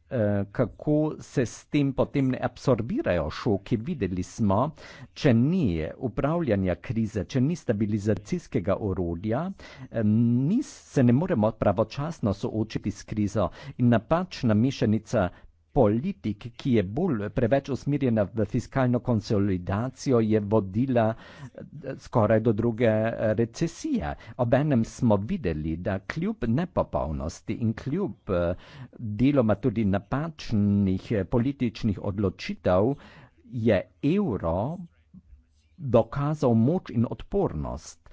[SPEAKER 3] Eh, kako se s tem potem ne absorbirajo šoki. Videli smo, če ni upravljanja krize, če ni stabilizacijskega orodja, eh, ni, se ne moremo pravočasno soočiti s krizo in napačna mešanica politik, ki je bolj preveč usmirjena v fiskalno konsolidacijo, je vodila eh, skoraj do druge eh, recesije. Obenem smo videli, da kljub nepopolnosti in kljub eh, deloma tudi napačnih političnih odločitev je evro dokazal moč in odpornost.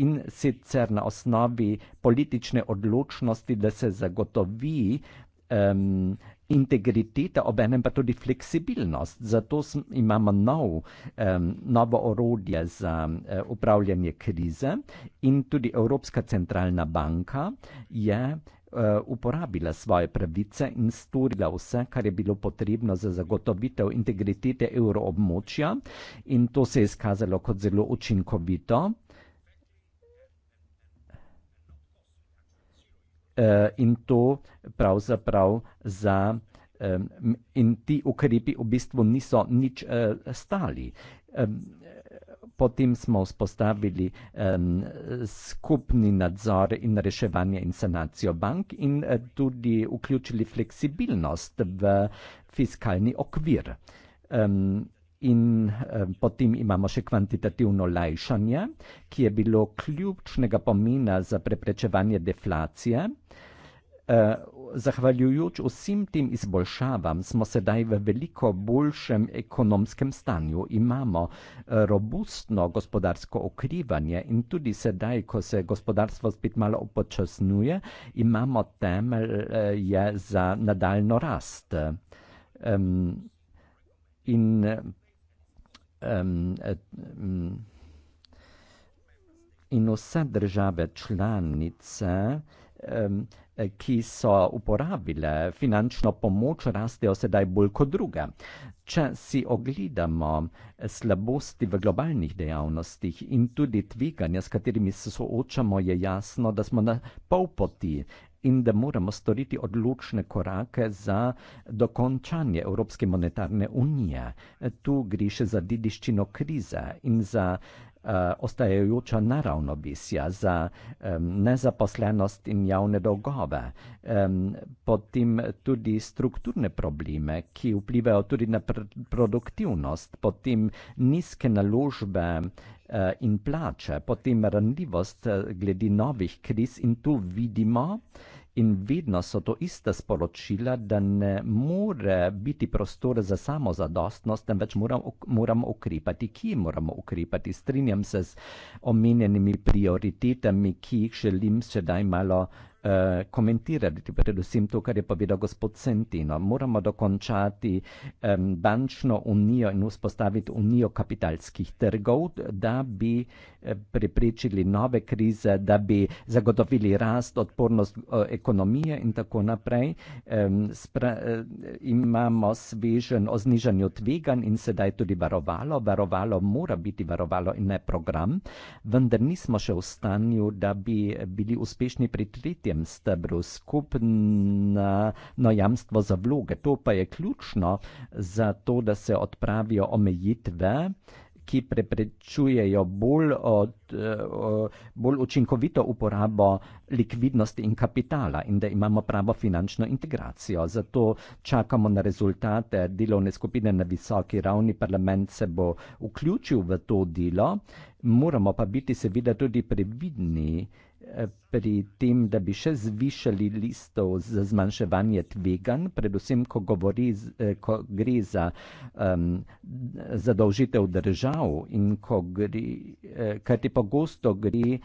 [SPEAKER 3] In sicer na osnovi politične odločnosti, da se zagotovi um, integriteta, obenem pa tudi fleksibilnost. Zato sm, imamo nov, um, novo orodje za um, upravljanje krize in tudi Evropska centralna banka je e, uporabila svoje pravice in storila vse, kar je bilo potrebno za zagotovitev integritete evroobmočja in to se je izkazalo kot zelo učinkovito. Eh, in to pravzaprav za in ti ukrepi v bistvu niso nič eh, stali. Potem smo vzpostavili um, skupni nadzor in reševanje in sanacijo bank in uh, tudi vključili fleksibilnost v fiskalni okvir. Um, in eh, potem imamo še kvantitativno lajšanje, ki je bilo ključnega pomena za preprečevanje deflacije. Eh, zahvaljujoč vsem tem izboljšavam smo sedaj v veliko boljšem ekonomskem stanju. Imamo eh, robustno gospodarsko okrivanje in tudi sedaj, ko se gospodarstvo spet malo upočasnjuje, imamo temelje eh, za nadaljno rast. Um, in um, um, in vse države članice, um, ki so uporabile finančno pomoč, rastejo sedaj bolj kot druge. Če si ogledamo eh, slabosti v globalnih dejavnostih in tudi tveganja, s katerimi se soočamo, je jasno, da smo na pol poti in da moramo storiti odločne korake za dokončanje Evropske monetarne unije. Tu gre še za dediščino krize in za Eh, ostajajoča naravna visija za um, nezaposlenost in javne dolgove, um, potem tudi strukturne probleme, ki vplivajo tudi na pr produktivnost, potem nizke naložbe uh, in plače, potem ranljivost eh, glede novih kriz in tu vidimo, uh, In vedno so to ista sporočila, da ne more biti prostor za samo zadostnost, temveč moramo moram ukrepati, ki moramo ukrepati. Strinjam se z omenjenimi prioritetami, ki jih želim sedaj malo uh, Eh, komentirati predvsem to, kar je povedal gospod Sentino. Moramo dokončati um, bančno unijo in vzpostaviti unijo kapitalskih trgov, da bi eh, preprečili nove krize, da bi zagotovili rast, odpornost uh, ekonomije in tako naprej. Um, spra, uh, imamo svežen o znižanju tvegan in sedaj tudi varovalo. Varovalo mora biti varovalo in ne program, vendar nismo še v stanju, da bi bili uspešni pri tretjem drugem stebru skupno no, jamstvo za vloge. To pa je ključno za to, da se odpravijo omejitve, ki preprečujejo bolj, od, eh, bolj učinkovito uporabo likvidnosti in kapitala in da imamo pravo finančno integracijo. Zato čakamo na rezultate delovne skupine na visoki ravni. Parlament se bo vključil v to delo, moramo pa biti seveda tudi previdni pri tem, da bi še zvišali listov za zmanjševanje tvegan, predvsem, ko, govori, eh, ko gre za um, zadolžitev držav in ko gre, eh, kaj ti pogosto gre eh,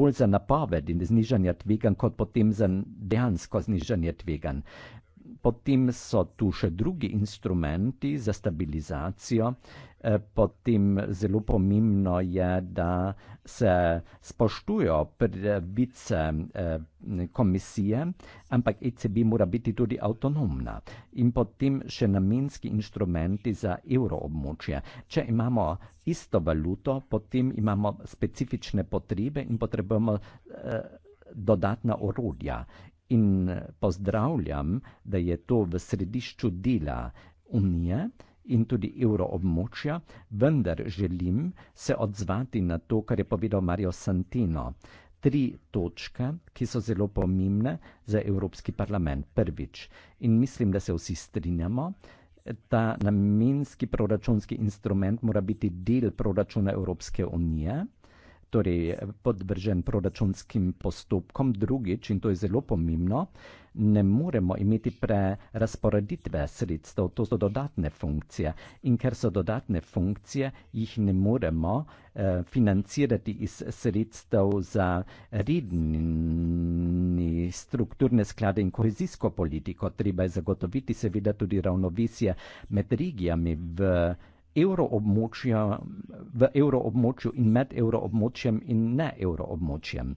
[SPEAKER 3] bolj za napoved in znižanje tvegan, kot potem za dejansko znižanje tvegan potem so tu še drugi instrumenti za stabilizacijo, eh, potem zelo pomembno je, da se spoštujo pravice eh, komisije, ampak ECB mora biti tudi avtonomna. In potem še namenski instrumenti za evroobmočje. Če imamo isto valuto, potem imamo specifične potrebe in potrebujemo eh, dodatna orodja in eh, pozdravljam, da je to v središču dela Unije in tudi evroobmočja, vendar želim se odzvati na to, kar je povedal Mario Santino. Tri točke, ki so zelo pomembne za Evropski parlament. Prvič, in mislim, da se vsi strinjamo, ta namenski proračunski instrument mora biti del proračuna Evropske unije torej podvržen proračunskim postopkom, drugič, in to je zelo pomembno, ne moremo imeti prerasporeditve sredstev, to so dodatne funkcije in ker so dodatne funkcije, jih ne moremo eh, financirati iz sredstev za redni strukturne sklade in kohezijsko politiko. Treba je zagotoviti seveda tudi ravnovesje med regijami v evroobmočja, v evroobmočju in med evroobmočjem in ne evroobmočjem.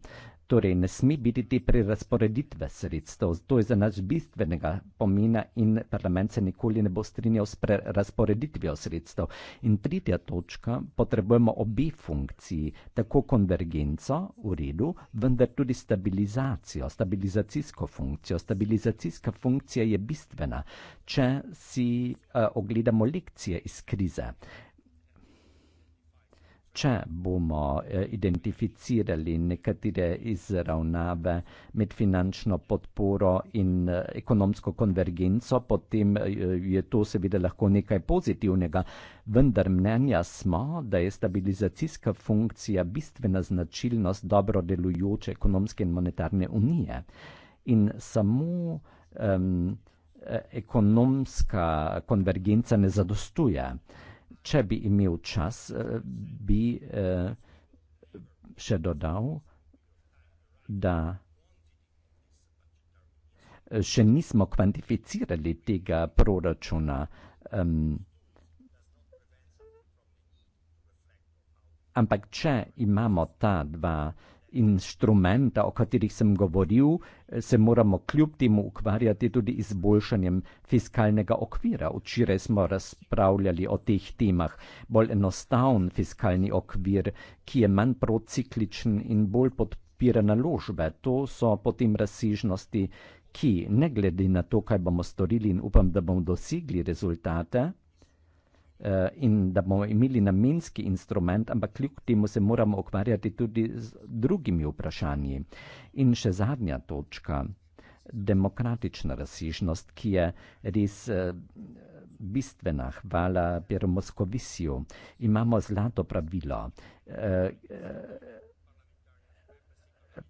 [SPEAKER 3] Torej, ne sme biti te prerasporeditve sredstev. To je za nas bistvenega pomena in parlament se nikoli ne bo strinjal s prerasporeditvijo sredstev. In tretja točka, potrebujemo obe funkciji, tako konvergenco v redu, vendar tudi stabilizacijo, stabilizacijsko funkcijo. Stabilizacijska funkcija je bistvena, če si uh, ogledamo lekcije iz krize če bomo eh, identificirali nekatere izravnave med finančno podporo in eh, ekonomsko konvergenco, potem eh, je to seveda lahko nekaj pozitivnega. Vendar mnenja smo, da je stabilizacijska funkcija bistvena značilnost dobro delujoče ekonomske in monetarne unije. In samo um, ekonomska konvergenca ne zadostuje če bi imel čas, eh, bi eh, še dodal, da eh, še nismo kvantificirali tega proračuna, ampak če imamo ta dva proračuna, instrumenta, o katerih sem govoril, eh, se moramo kljub temu ukvarjati tudi izboljšanjem fiskalnega okvira. Včeraj smo razpravljali o teh temah. Bolj enostaven fiskalni okvir, ki je manj prociklični in bolj podpira naložbe, to so potem razsežnosti, ki ne glede na to, kaj bomo storili in upam, da bomo dosegli rezultate, Eh, in da bomo imeli namenski instrument, ampak kljub temu se moramo ukvarjati tudi z drugimi vprašanji. In še zadnja točka, demokratična razsižnost, ki je res eh, bistvena, hvala Piero Moskovisiju, imamo zlato pravilo. E, e,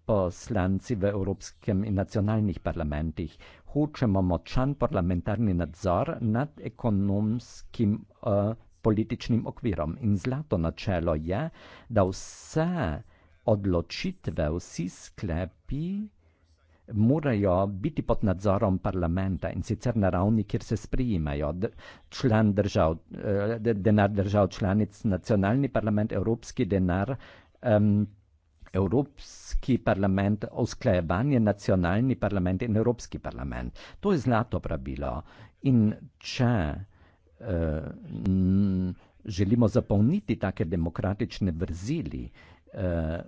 [SPEAKER 3] poslanci v evropskem in nacionalnih parlamentih. Hočemo močan parlamentarni nadzor nad ekonomskim uh, političnim okvirom. In zlato načelo je, da vse odločitve, vsi sklepi morajo biti pod nadzorom parlamenta in sicer na ravni, kjer se sprijimajo član držav, eh, denar držav članic, nacionalni parlament, evropski denar. Um, Evropski parlament, usklajevanje nacionalni parlament in Evropski parlament. To je zlato pravilo. In če eh, želimo zapolniti take demokratične vrzeli, eh, eh,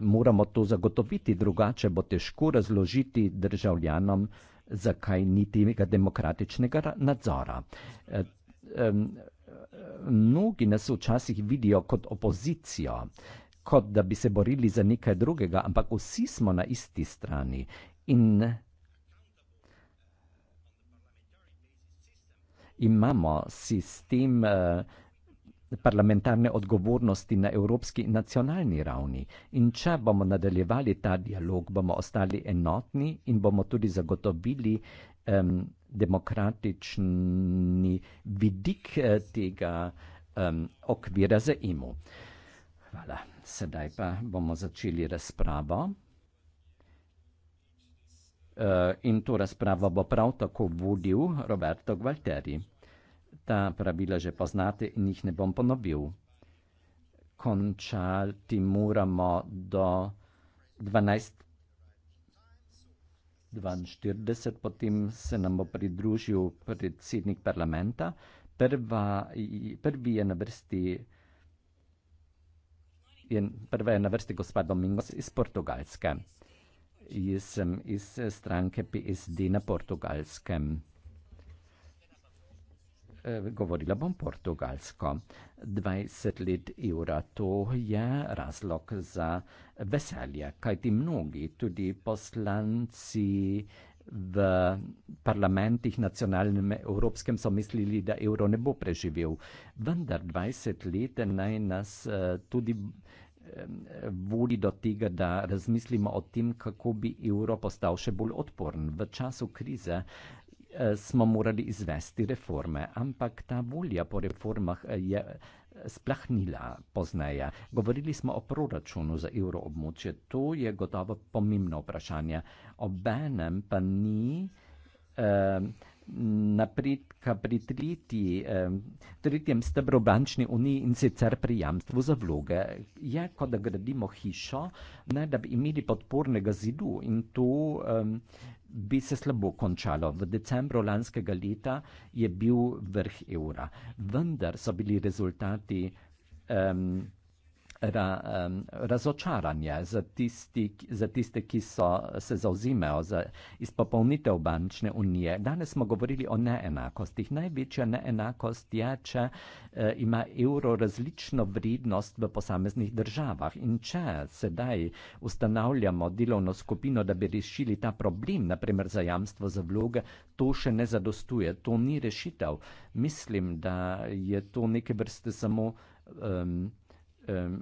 [SPEAKER 3] moramo to zagotoviti, drugače bo težko razložiti državljanom, zakaj ni tega demokratičnega nadzora. Eh, eh, mnogi nas včasih vidijo kot opozicijo. Eh, kot da bi se borili za nekaj drugega, ampak vsi smo na isti strani. In imamo sistem eh, parlamentarne odgovornosti na evropski in nacionalni ravni. In če bomo nadaljevali ta dialog, bomo ostali enotni in bomo tudi zagotovili um, demokratični vidik eh, tega um, okvira za imu. E Hvala. Sedaj pa bomo začeli razpravo. Uh, in to razpravo bo prav tako vodil Roberto Gvalteri. Ta pravila že poznate in jih ne bom ponovil. Končati moramo do 12.42, potem se nam bo pridružil predsednik parlamenta. Prva, prvi je na vrsti je prva na vrsti gospod Domingos iz Portugalske. Jaz sem iz eh, stranke PSD na Portugalskem. Eh, govorila bom portugalsko. 20 let evra, to je razlog za veselje, kajti mnogi, tudi poslanci v parlamentih nacionalnem evropskem, so mislili, da evro ne bo preživel. Vendar 20 let naj nas eh, tudi vodi do tega, da razmislimo o tem, kako bi evro postal še bolj odporen. V času krize e, smo morali izvesti reforme, ampak ta volja po reformah e, je e, splahnila pozneje. Govorili smo o proračunu za evro območje, to je gotovo pomembno vprašanje. Obenem pa ni. Eh, napredka pri tretji, eh, tretjem stebru bančni uniji in sicer pri jamstvu za vloge. Je kot da gradimo hišo, ne, da bi imeli podpornega zidu in to eh, bi se slabo končalo. V decembru lanskega leta je bil vrh evra, vendar so bili rezultati. Eh, ra, um, razočaranje za, tisti, za tiste, ki so se zauzimejo za izpopolnitev bančne unije. Danes smo govorili o neenakostih. Največja neenakost je, če uh, ima evro različno vrednost v posameznih državah. In če sedaj ustanavljamo delovno skupino, da bi rešili ta problem, naprimer za jamstvo za vloge, to še ne zadostuje. To ni rešitev. Mislim, da je to neke vrste samo um, eh,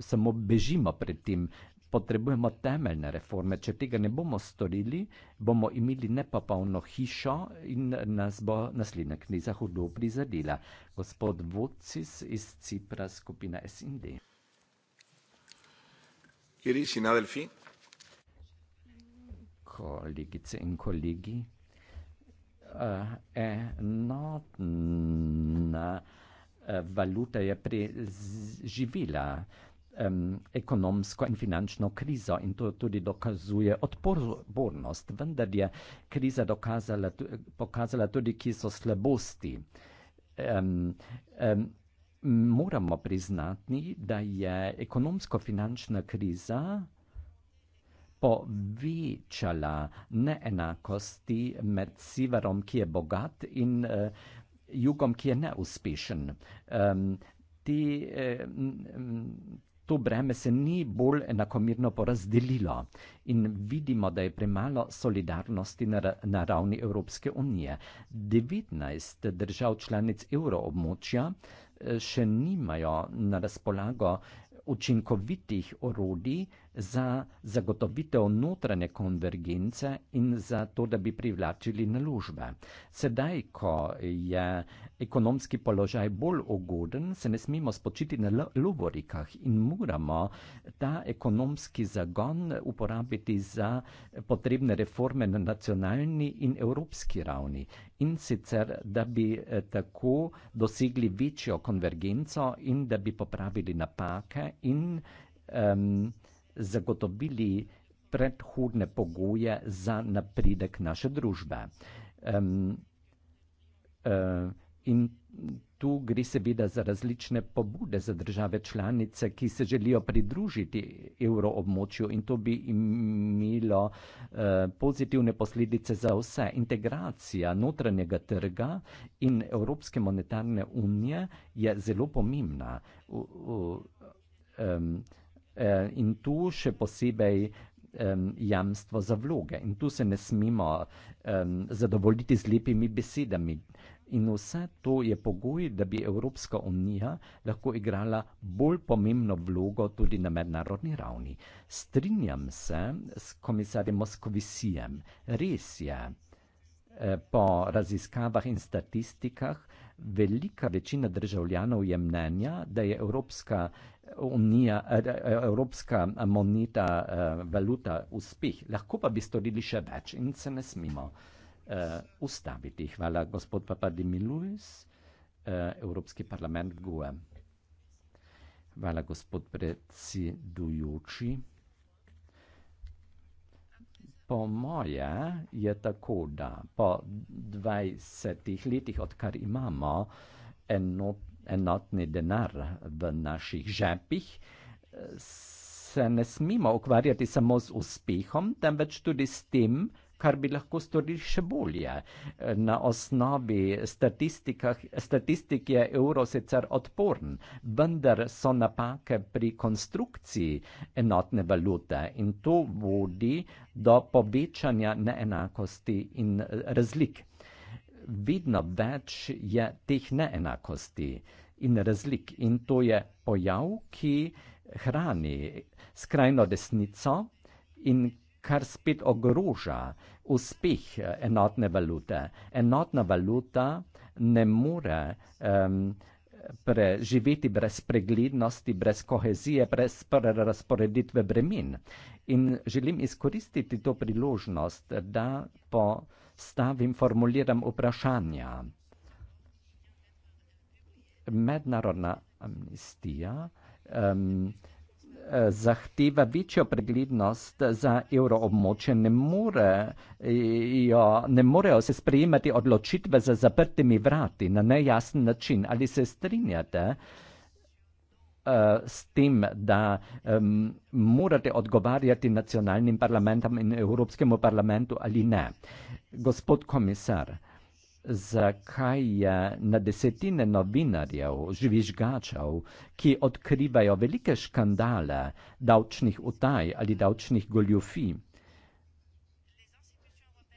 [SPEAKER 3] samo bežimo pred tem. Potrebujemo temeljne reforme. Če tega ne bomo storili, bomo imeli nepopolno hišo in nas bo naslednja kriza hudo prizadela. Gospod Vodcis iz Cipra, skupina SND. Kolegice in kolegi, uh, enotna. Eh, valuta je preživela um, ekonomsko in finančno krizo in to tudi dokazuje odpornost. Vendar je kriza dokazala, pokazala tudi, ki so slabosti. Um, um, moramo priznati, da je ekonomsko-finančna kriza povečala neenakosti med sivarom, ki je bogat in uh, jugom, ki je neuspešen. Um, te, um, to breme se ni bolj enakomirno porazdelilo in vidimo, da je premalo solidarnosti na, na ravni Evropske unije. 19 držav članic evroobmočja eh, še nimajo na razpolago učinkovitih orodij, za zagotovitev notranje konvergence in za to, da bi privlačili naložbe. Sedaj, ko je ekonomski položaj bolj ogoden, se ne smemo spočiti na lovorikah in moramo ta ekonomski zagon uporabiti za potrebne reforme na nacionalni in evropski ravni. In sicer, da bi eh, tako dosegli večjo konvergenco in da bi popravili napake in um, zagotovili predhodne pogoje za napredek naše družbe. Um, uh, in tu gre seveda za različne pobude za države članice, ki se želijo pridružiti evroobmočju in to bi imelo uh, pozitivne posledice za vse. Integracija notranjega trga in Evropske monetarne unije je zelo pomembna. Uh, uh, um, Eh, in tu še posebej jamstvo za vloge. In tu se ne smemo zadovoljiti z lepimi besedami. In vse to je pogoj, da bi Evropska unija lahko igrala bolj pomembno vlogo tudi na mednarodni ravni. Strinjam se s komisarjem Moskovisijem. Res je, eh, po raziskavah in statistikah velika večina državljanov je mnenja, da je Evropska unija, Evropska moneta, eh, valuta uspeh. Lahko pa bi storili še več in se ne smemo uh, ustaviti. Hvala, gospod Papadimilujs, uh, eh, Evropski parlament GUE. Hvala, gospod predsedujoči. Po moje je tako, da po 20 letih, odkar imamo enot, enotni denar v naših žepih, se ne smemo ukvarjati samo z uspehom, temveč tudi s tem, kar bi lahko storili še bolje. Na osnovi statistik je evro sicer odporen, vendar so napake pri konstrukciji enotne valute in to vodi do povečanja neenakosti in eh, razlik. Vidno več je teh neenakosti in razlik in to je pojav, ki hrani skrajno desnico in kar spet ogroža uspeh eh, enotne valute. Enotna valuta ne more um, preživeti brez preglednosti, brez kohezije, brez razporeditve bremen. In želim izkoristiti to priložnost, da postavim, formuliram vprašanja. Mednarodna amnestija. Um, zahteva večjo preglednost za evroobmoče, ne, more, ne morejo se sprejemati odločitve za zaprtimi vrati na nejasen način. Ali se strinjate eh, s tem, da morate odgovarjati nacionalnim parlamentom in Evropskemu parlamentu ali ne? Gospod komisar, zakaj je na desetine novinarjev, žvižgačev, ki odkrivajo velike škandale davčnih utaj ali davčnih goljufij,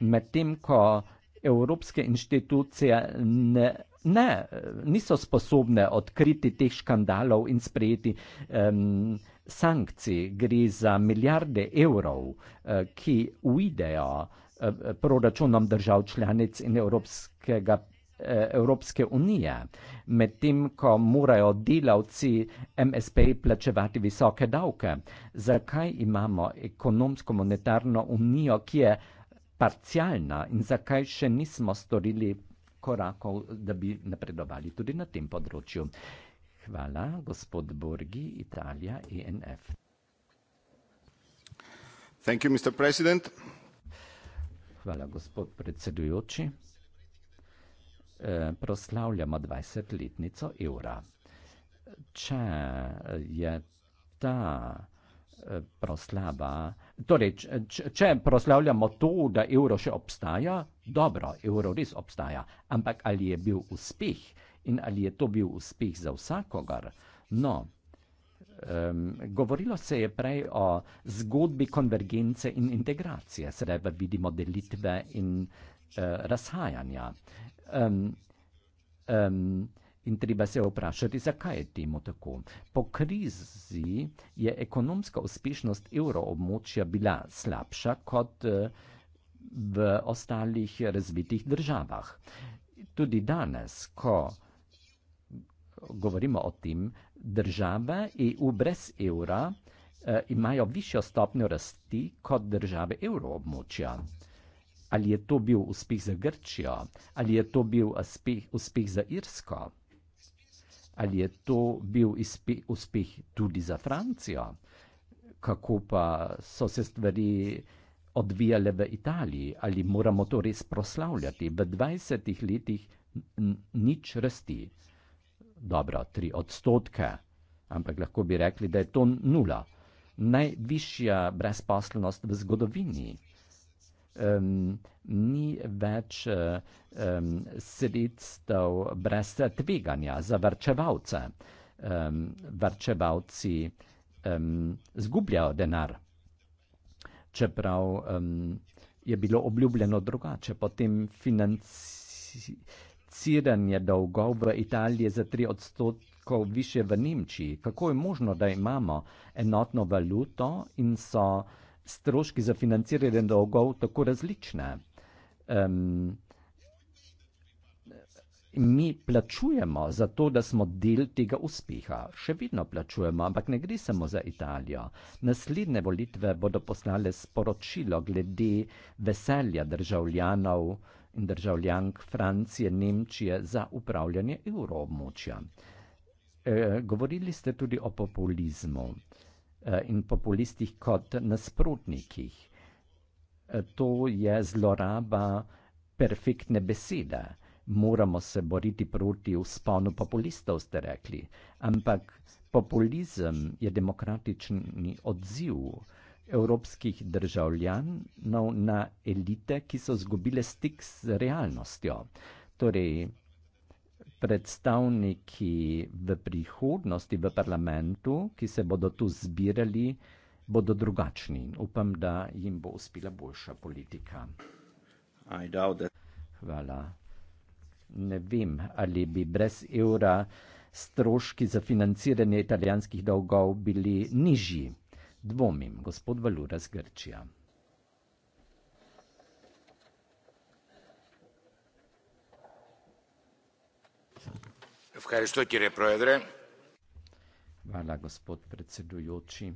[SPEAKER 3] medtem ko evropske inštitucije ne, ne, niso sposobne odkriti teh škandalov in sprejeti um, sankcij, gre za milijarde evrov, uh, ki uidejo uh, Eh, proračunom držav članic in Evropskega, eh, Evropske unije, medtem ko morajo delavci MSP plačevati visoke davke. Zakaj imamo ekonomsko-monetarno unijo, ki je parcialna in zakaj še nismo storili korakov, da bi napredovali tudi na tem področju? Hvala, gospod Borgi, Italija, ENF. Thank you, Mr. President. Hvala, gospod predsedujoči. E, proslavljamo 20-letnico evra. Če je ta e, proslava, torej, če, če proslavljamo to, da evro še obstaja, dobro, evro res obstaja, ampak ali je bil uspeh in ali je to bil uspeh za vsakogar? No, Um, govorilo se je prej o zgodbi konvergence in integracije, sedaj pa vidimo delitve in uh, razhajanja. Um, um, in treba se vprašati, zakaj je temu tako. Po krizi je ekonomska uspešnost evroobmočja bila slabša kot uh, v ostalih razvitih državah. Tudi danes, ko govorimo o tem, države EU brez evra eh, imajo višjo stopnjo rasti kot države evroobmočja. Ali je to bil uspeh za Grčijo, ali je to bil uspeh, uspeh za Irsko, ali je to bil uspeh, uspeh tudi za Francijo, kako pa so se stvari odvijale v Italiji, ali moramo to res proslavljati. V 20 letih nič rasti dobro 3 odstotke, ampak lahko bi rekli, da je to nula. Najvišja brezposlenost v zgodovini. Um, ni več um, sredstev brez tveganja za vrčevalce. Um, vrčevalci um, zgubljajo denar, čeprav um, je bilo obljubljeno drugače. Potem financi, financiranje dolgov v Italiji za 3 odstotke više v Nemčiji. Kako je možno, da imamo enotno valuto in so stroški za financiranje dolgov tako različne? Um, mi plačujemo za to, da smo del tega uspeha. Še vedno plačujemo, ampak ne gre samo za Italijo. Naslednje volitve bodo poslale sporočilo glede veselja državljanov in državljank Francije, Nemčije za upravljanje evroobmočja. E, govorili ste tudi o populizmu e, in populistih kot nasprotnikih. E, to je zloraba perfektne besede. Moramo se boriti proti usponu populistov, ste rekli. Ampak populizem je demokratični odziv evropskih državljanov na elite, ki so zgubile stik z realnostjo. Torej, predstavniki v prihodnosti v parlamentu, ki se bodo tu zbirali, bodo drugačni. Upam, da jim bo uspela boljša politika. Hvala. Ne vem, ali bi brez evra stroški za financiranje italijanskih dolgov bili nižji. Dvomim, gospod Valura z Grčija. Hvala, gospod predsedujoči.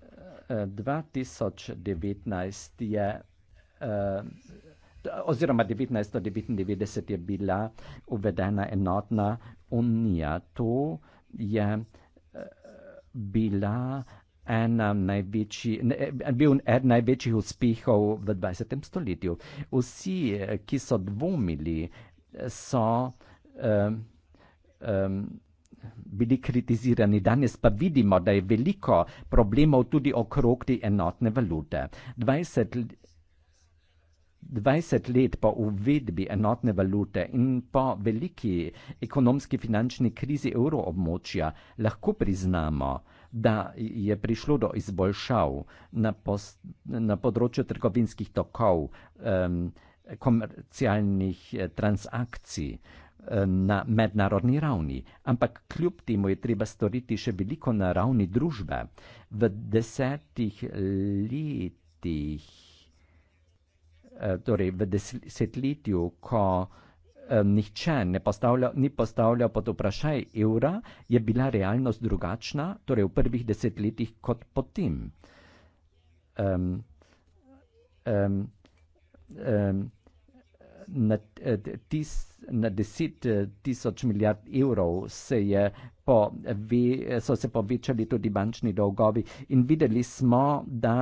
[SPEAKER 3] E, eh, 2019 je e, oziroma 1999 je bila uvedena enotna unija. To je eh, bila Največji, ne, eh, bil en največjih uspehov v 20. stoletju. Vsi, eh, ki so dvomili, so um, um, bili kritizirani. Danes pa vidimo, da je veliko problemov tudi okrog te enotne valute. 20 20 let po uvedbi enotne valute in po veliki ekonomski finančni krizi evroobmočja lahko priznamo, da je prišlo do izboljšav na, na področju trgovinskih tokov, um, komercialnih eh, transakcij na mednarodni ravni. Ampak kljub temu je treba storiti še veliko na ravni družbe. V desetih letih Eh, torej v desetletju, ko eh, nihče ne postavlja, ni postavljal pod vprašaj evra, je bila realnost drugačna, torej v prvih desetletjih kot potem. Um, um, um, na, eh, tis, na deset tisoč milijard evrov se je po, ve, so se povečali tudi bančni dolgovi in videli smo, da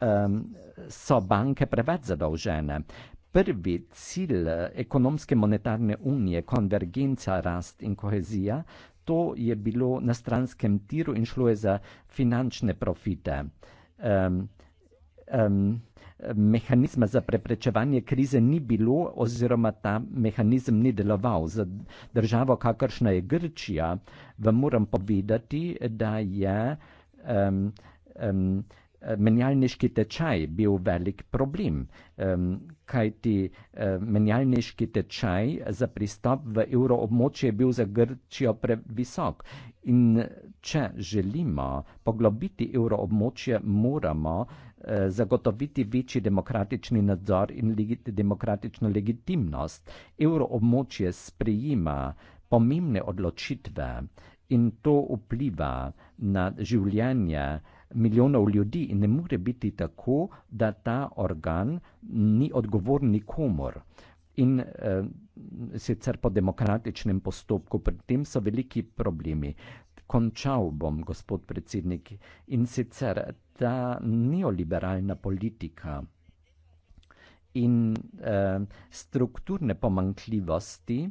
[SPEAKER 3] um, so banke preveč zadolžene. Prvi cilj eh, ekonomske monetarne unije, konvergenca, rast in kohezija, to je bilo na stranskem tiru in šlo je za finančne profite. Um, um, mehanizma za preprečevanje krize ni bilo oziroma ta mehanizem ni deloval. Za državo, kakršna je Grčija, vam moram povedati, da je um, um, menjalniški tečaj bil velik problem, kaj ti e, menjalniški tečaj za pristop v evroobmočje je bil za Grčijo previsok. In če želimo poglobiti evroobmočje, moramo e, zagotoviti večji demokratični nadzor in legiti, demokratično legitimnost. Evroobmočje sprejima pomembne odločitve in to vpliva na življenje milijonov ljudi in ne more biti tako, da ta organ ni odgovor nikomor. In eh, sicer po demokratičnem postopku pri tem so veliki problemi. Končal bom, gospod predsednik, in sicer ta neoliberalna politika in eh, strukturne pomankljivosti eh,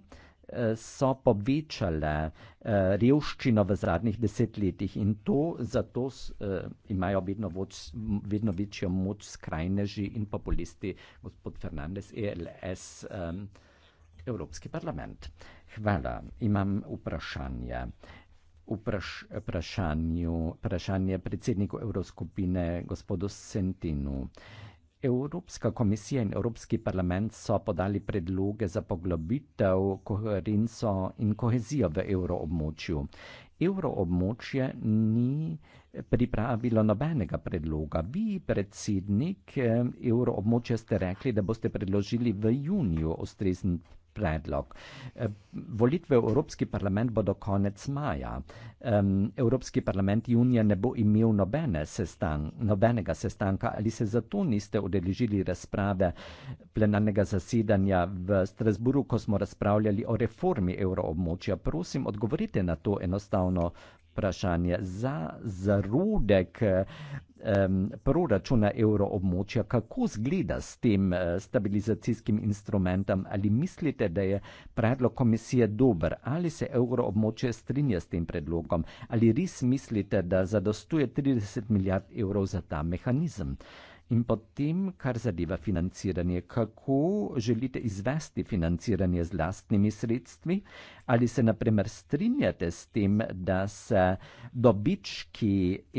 [SPEAKER 3] so povečale eh, revščino v zadnjih desetletjih in to zato s, eh, imajo vedno, voč, vedno večjo moč skrajneži in populisti, gospod Fernandez, ELS, eh, Evropski parlament. Hvala, imam vprašanje. Vprašanje predsedniku Evroskupine, gospodu Sentinu. Evropska komisija in Evropski parlament so podali predloge za poglobitev koherenco in kohezijo v evroobmočju. Evroobmočje ni pripravilo nobenega predloga. Vi, predsednik eh, evroobmočja, ste rekli, da boste predložili v juniju ustrezen predlog. Eh, volitve v Evropski parlament bodo konec maja. Evropski parlament junija ne bo imel nobene sestan nobenega sestanka. Ali se zato niste odeležili razprave plenarnega zasedanja v Strasburu, ko smo razpravljali o reformi evroobmočja? Prosim, odgovorite na to enostavno vprašanje. Za zarudek um, proračuna evroobmočja, kako zgleda s tem eh, stabilizacijskim instrumentom, ali mislite, da je predlog komisije dober, ali se evroobmočje strinja s tem predlogom, ali res mislite, da zadostuje 30 milijard evrov za ta mehanizem. In potem, kar zadeva financiranje, kako želite izvesti financiranje z lastnimi sredstvi, ali se naprimer strinjate s tem, da se dobički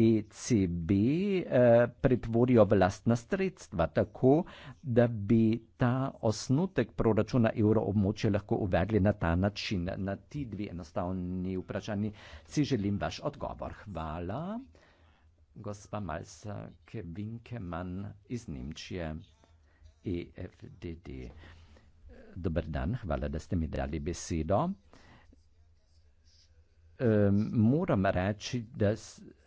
[SPEAKER 3] ECB eh, pretvorijo v lastna sredstva, tako da bi ta osnutek proračuna evroobmočja lahko uvedli na ta način. Na ti dve enostavni vprašanji si želim vaš odgovor. Hvala gospa Malsa, ki vinke manj iz Nemčije, EFDD. Dober dan, hvala, da ste mi dali besedo moram reči, da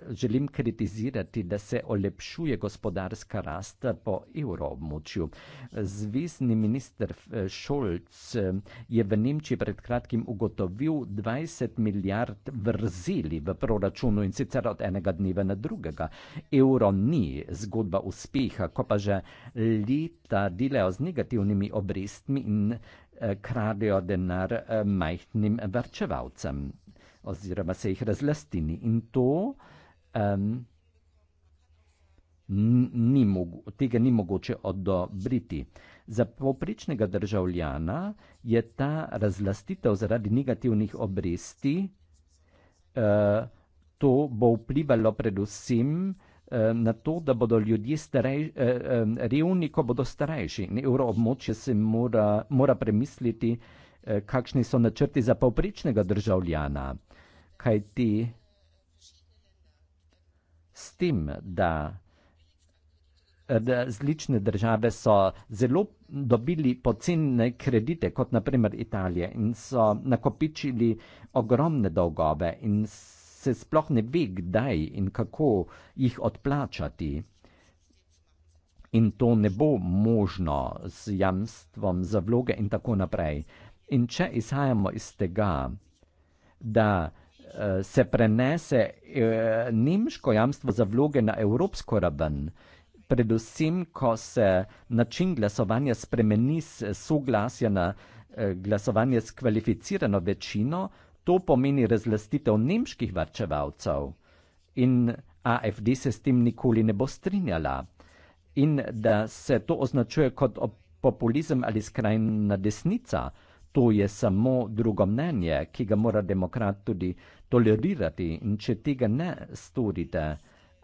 [SPEAKER 3] želim kritizirati, da se olepšuje gospodarska rast po evroobmočju. Zvezni minister Šolc eh, je v Nemčiji pred kratkim ugotovil 20 milijard vrzeli v proračunu in sicer od enega dneva na drugega. Euro ni zgodba uspeha, ko pa že leta delajo z negativnimi obrestmi in eh, kradejo denar eh, majhnim vrčevalcem oziroma se jih razlastini. In to um, ni mogo, tega ni mogoče odobriti. Za povprečnega državljana je ta razlastitev zaradi negativnih obresti, uh, to bo vplivalo predvsem eh, na to, da bodo ljudje starej, eh, revni, ko bodo starejši. Evroobmočje se mora, mora premisliti, eh, kakšni so načrti za povprečnega državljana kaj ti s tem, da različne države so zelo dobili pocenne kredite, kot naprimer Italija, in so nakopičili ogromne dolgove in se sploh ne ve, kdaj in kako jih odplačati. In to ne bo možno z jamstvom za vloge in tako naprej. In če izhajamo iz tega, da Eh, se prenese eh, nemško jamstvo za vloge na evropsko raven, predvsem, ko se način glasovanja spremeni z soglasja na eh, glasovanje s kvalificirano večino, to pomeni razlastitev nemških varčevalcev in AFD se s tem nikoli ne bo strinjala. In da se to označuje kot populizem ali skrajna desnica, To je samo drugo mnenje, ki ga mora demokrat tudi tolerirati, in če tega ne storite,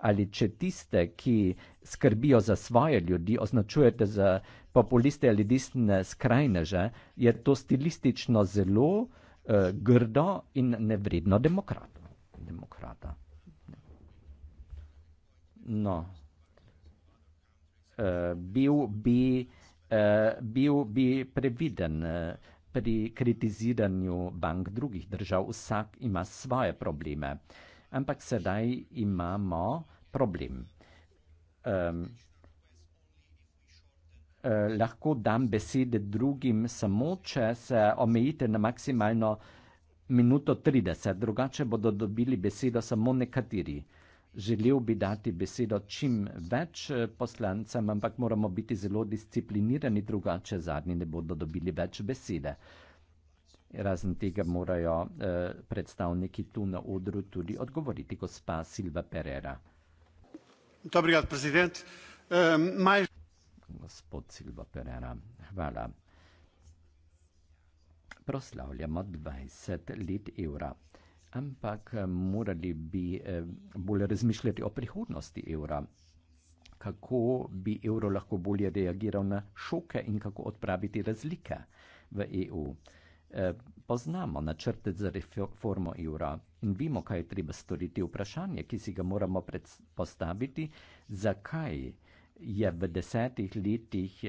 [SPEAKER 3] ali če tiste, ki skrbijo za svoje ljudi, označujete za populiste ali desne skrajneže, je to stilistično zelo uh, grdo in nevredno demokrata. demokrata. No, uh, bil bi, uh, bi previden. Uh, pri kritiziranju bank drugih držav vsak ima svoje probleme. Ampak sedaj imamo problem. Um, uh, lahko dam besede drugim samo, če se omejite na maksimalno minuto 30, drugače bodo dobili besedo samo nekateri. Želel bi dati besedo čim več eh, poslancem, ampak moramo biti zelo disciplinirani, drugače zadnji ne bodo dobili več besede. Razen tega morajo eh, predstavniki tu na odru tudi odgovoriti, gospa Silva Pereira. Dobrigad, prezident. Um, ehm, maj... Gospod Silva Pereira, hvala. Proslavljamo 20 let evra ampak eh, morali bi eh, bolj razmišljati o prihodnosti evra, kako bi evro lahko bolje reagiral na šoke in kako odpraviti razlike v EU. Eh, poznamo načrte za reformo evra in vemo, kaj je treba storiti. Vprašanje, ki si ga moramo predpostaviti, zakaj je v desetih letih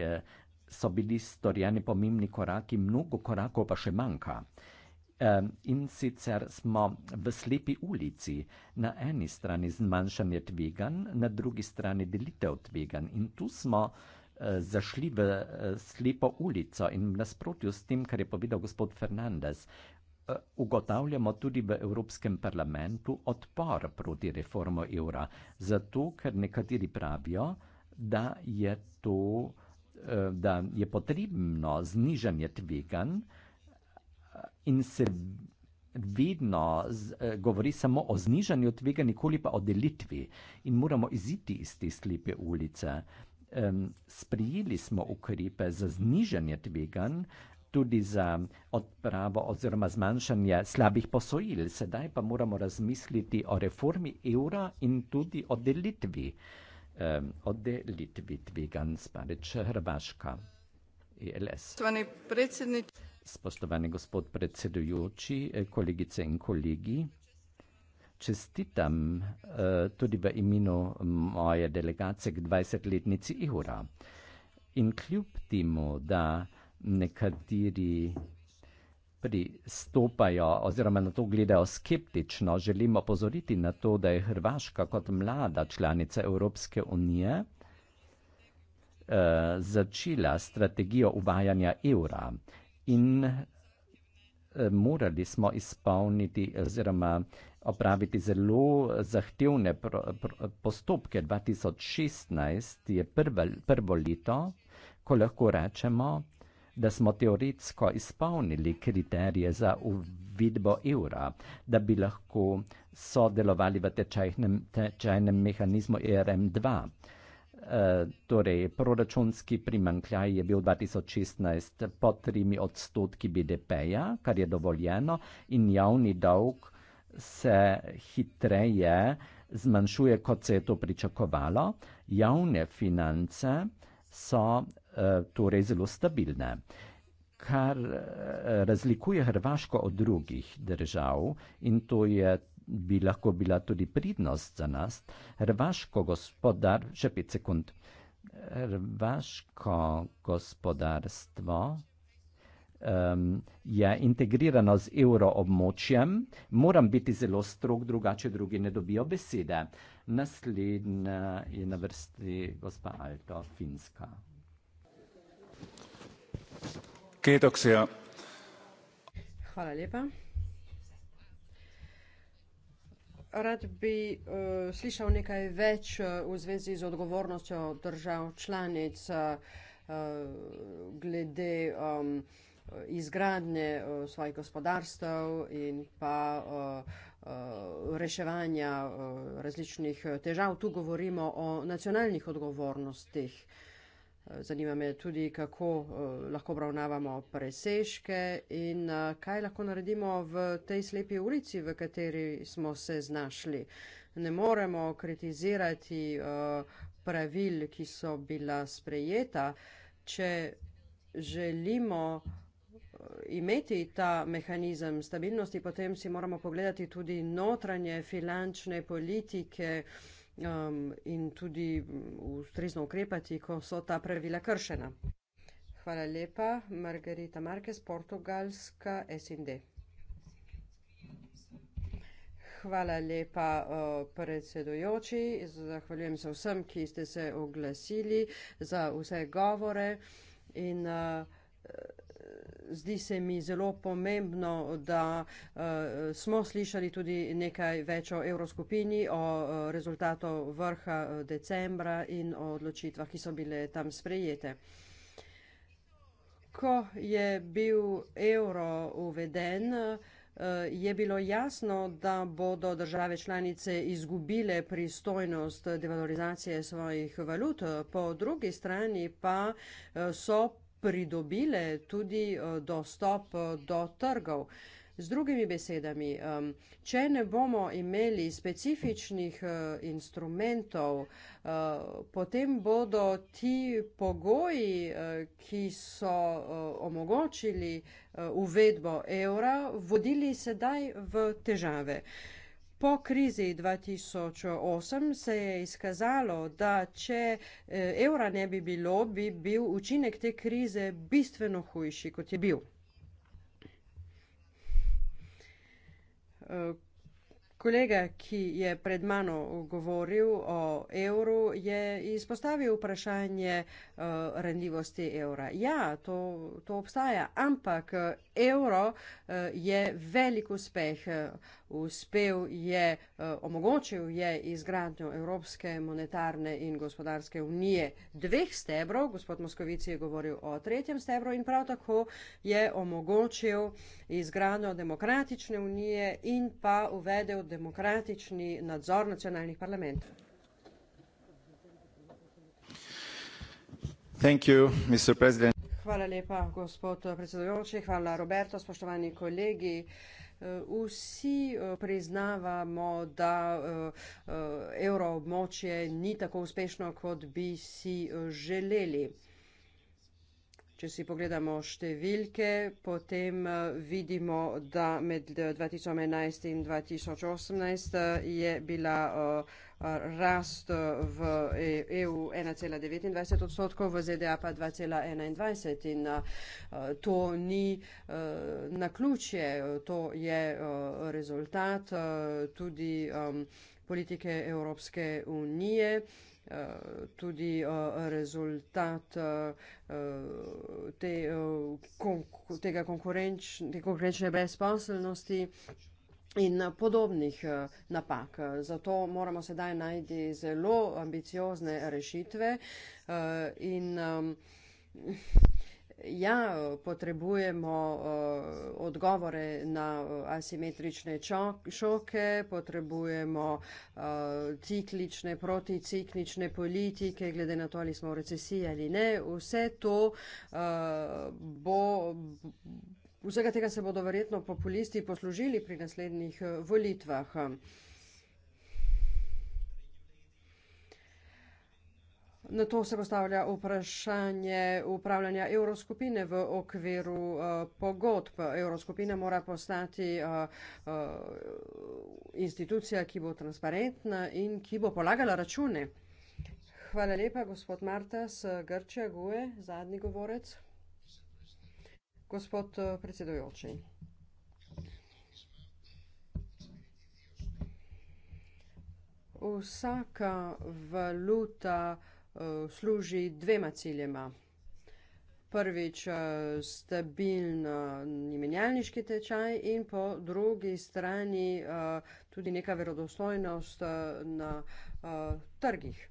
[SPEAKER 3] so bili storjeni pomembni koraki, mnogo korakov pa še manjka. Um, in sicer smo v slepi ulici, na eni strani zmanjšanje tvegan, na drugi strani delitev tvegan. In tu smo uh, zašli v uh, slepo ulico in v nasprotju s tem, kar je povedal gospod Fernandez, uh, ugotavljamo tudi v Evropskem parlamentu odpor proti reformo evra. Zato, ker nekateri pravijo, da je, to, uh, da je potrebno znižanje tvegan in se vedno z, eh, govori samo o znižanju tvega, nikoli pa o delitvi in moramo iziti iz te slepe ulice. Um, sprijeli smo ukrepe za znižanje tvegan, tudi za odpravo oziroma zmanjšanje slabih posojil. Sedaj pa moramo razmisliti o reformi evra in tudi o delitvi, um, o delitvi tvegan, spareč Hrvaška, ELS. Spoštovani gospod predsedujoči, eh, kolegice in kolegi, čestitam eh, tudi v imenu moje delegacije k 20-letnici evra. In kljub temu, da nekateri pristopajo oziroma na to gledajo skeptično, želim opozoriti na to, da je Hrvaška kot mlada članica Evropske unije eh, začela strategijo uvajanja evra in eh, morali smo izpolniti oziroma opraviti zelo zahtevne pro, pro, postopke. 2016 je prva, prvo leto, ko lahko rečemo, da smo teoretsko izpolnili kriterije za uvidbo evra, da bi lahko sodelovali v tečajnem, tečajnem mehanizmu ERM2 torej proračunski primankljaj je bil 2016 pod 3 odstotki BDP-ja, kar je dovoljeno, in javni dolg se hitreje zmanjšuje, kot se je to pričakovalo. Javne finance so uh, torej zelo stabilne. Kar eh, razlikuje Hrvaško od drugih držav, in to je bi lahko bila tudi pridnost za nas, hrvaško gospodar, še pet sekund, hrvaško gospodarstvo um, je integrirano z euroobmočjem, moram biti zelo strog, drugače drugi ne dobijo besede. Naslednja je na vrsti gospa Alto, Finska.
[SPEAKER 5] Hvala lepa. Rad bi uh, slišal nekaj več uh, v zvezi z odgovornostjo držav članic uh, glede um, izgradnje uh, svojih gospodarstv in pa uh, uh, reševanja uh, različnih težav. Tu govorimo o nacionalnih odgovornostih. Uh, Zanima me tudi, kako eh, lahko obravnavamo presežke in eh, kaj lahko naredimo v tej slepi ulici, v kateri smo se znašli. Ne moremo kritizirati eh, pravil, ki so bila sprejeta, če želimo imeti ta mehanizem stabilnosti, potem si moramo pogledati tudi notranje finančne politike, um, in tudi mm, ustrezno ukrepati, ko so ta pravila kršena. Hvala lepa, Margarita Marquez, Portugalska SND. Hvala lepa, predsedojoči. Zahvaljujem se vsem, ki ste se oglasili za vse govore. In, uh, zdi se mi zelo pomembno, da uh, smo slišali tudi nekaj več o evroskupini, o uh, rezultatu vrha eh, decembra in o odločitvah, ki so bile tam sprejete. Ko je bil evro uveden, je bilo jasno, da bodo države članice izgubile pristojnost devalorizacije svojih valut. Po drugi strani pa so pridobile tudi eh, dostop eh, do trgov. Z drugimi besedami, če ne bomo imeli specifičnih eh, instrumentov, potem bodo ti pogoji, ki so omogočili uvedbo evra, vodili sedaj v težave. Po krizi 2008 se je izkazalo, da če eh, evra ne bi bilo, bi bil učinek te krize bistveno hujši, kot je bil. Eh, kolega, ki je pred mano govoril o evru, je izpostavil vprašanje uh, eh, rendljivosti evra. Ja, to, to obstaja, ampak evro uh, je velik uspeh. Uh, uspel je, eh, omogočil je izgradnjo Evropske monetarne in gospodarske unije dveh stebrov, gospod Moskovici je govoril o tretjem stebru in prav tako je omogočil izgradnjo demokratične unije in pa uvedel demokratični nadzor nacionalnih parlamentov.
[SPEAKER 3] Thank you, Mr. President.
[SPEAKER 5] Hvala lepa, gospod predsedujoči. Hvala, Roberto. Spoštovani kolegi. Vsi eh, priznavamo, da eh, eh, evroobmočje ni tako uspešno, kot bi si želeli. Če si pogledamo številke, potem vidimo, da med 2011 in 2018 je bila rast v EU 1,29 odstotkov, v ZDA pa 2,21 in eh, to ni eh, na ključje, to je eh, rezultat tudi politike Evropske unije, tudi rezultat te, tega konkurenč, te konkurenčne brezposelnosti in eh, podobnih eh, napak. Zato moramo sedaj najti zelo ambiciozne rešitve eh, in ja, potrebujemo odgovore na asimetrične šoke, potrebujemo ciklične, proticiklične politike, glede na to, ali smo v recesiji ali ne. Vse to bo Vsega tega se bodo verjetno populisti poslužili pri naslednjih eh, volitvah. Na to se postavlja vprašanje upravljanja evroskupine v okviru uh, pogodb. Evroskupina mora postati uh, uh, institucija, ki bo transparentna in ki bo polagala račune. Hvala lepa, gospod Martas, Grčja, Gue, zadnji govorec. Gospod eh, predsedujoči. Vsaka valuta eh, služi dvema ciljema. Prvič eh, stabilen imenjalniški tečaj in po drugi strani tudi neka verodostojnost na trgih.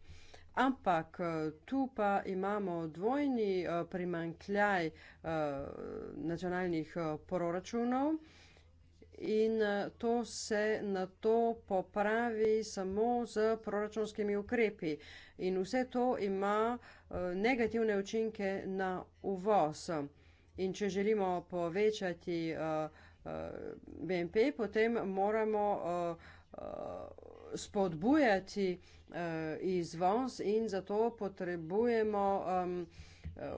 [SPEAKER 5] Ampak eh, tu pa imamo dvojni eh, primankljaj eh, nacionalnih proračunov. In to se na to popravi samo z proračunskimi ukrepi. In vse to ima negativne učinke na uvoz. In če želimo povečati BNP, potem moramo spodbujati uh, izvoz in zato potrebujemo um,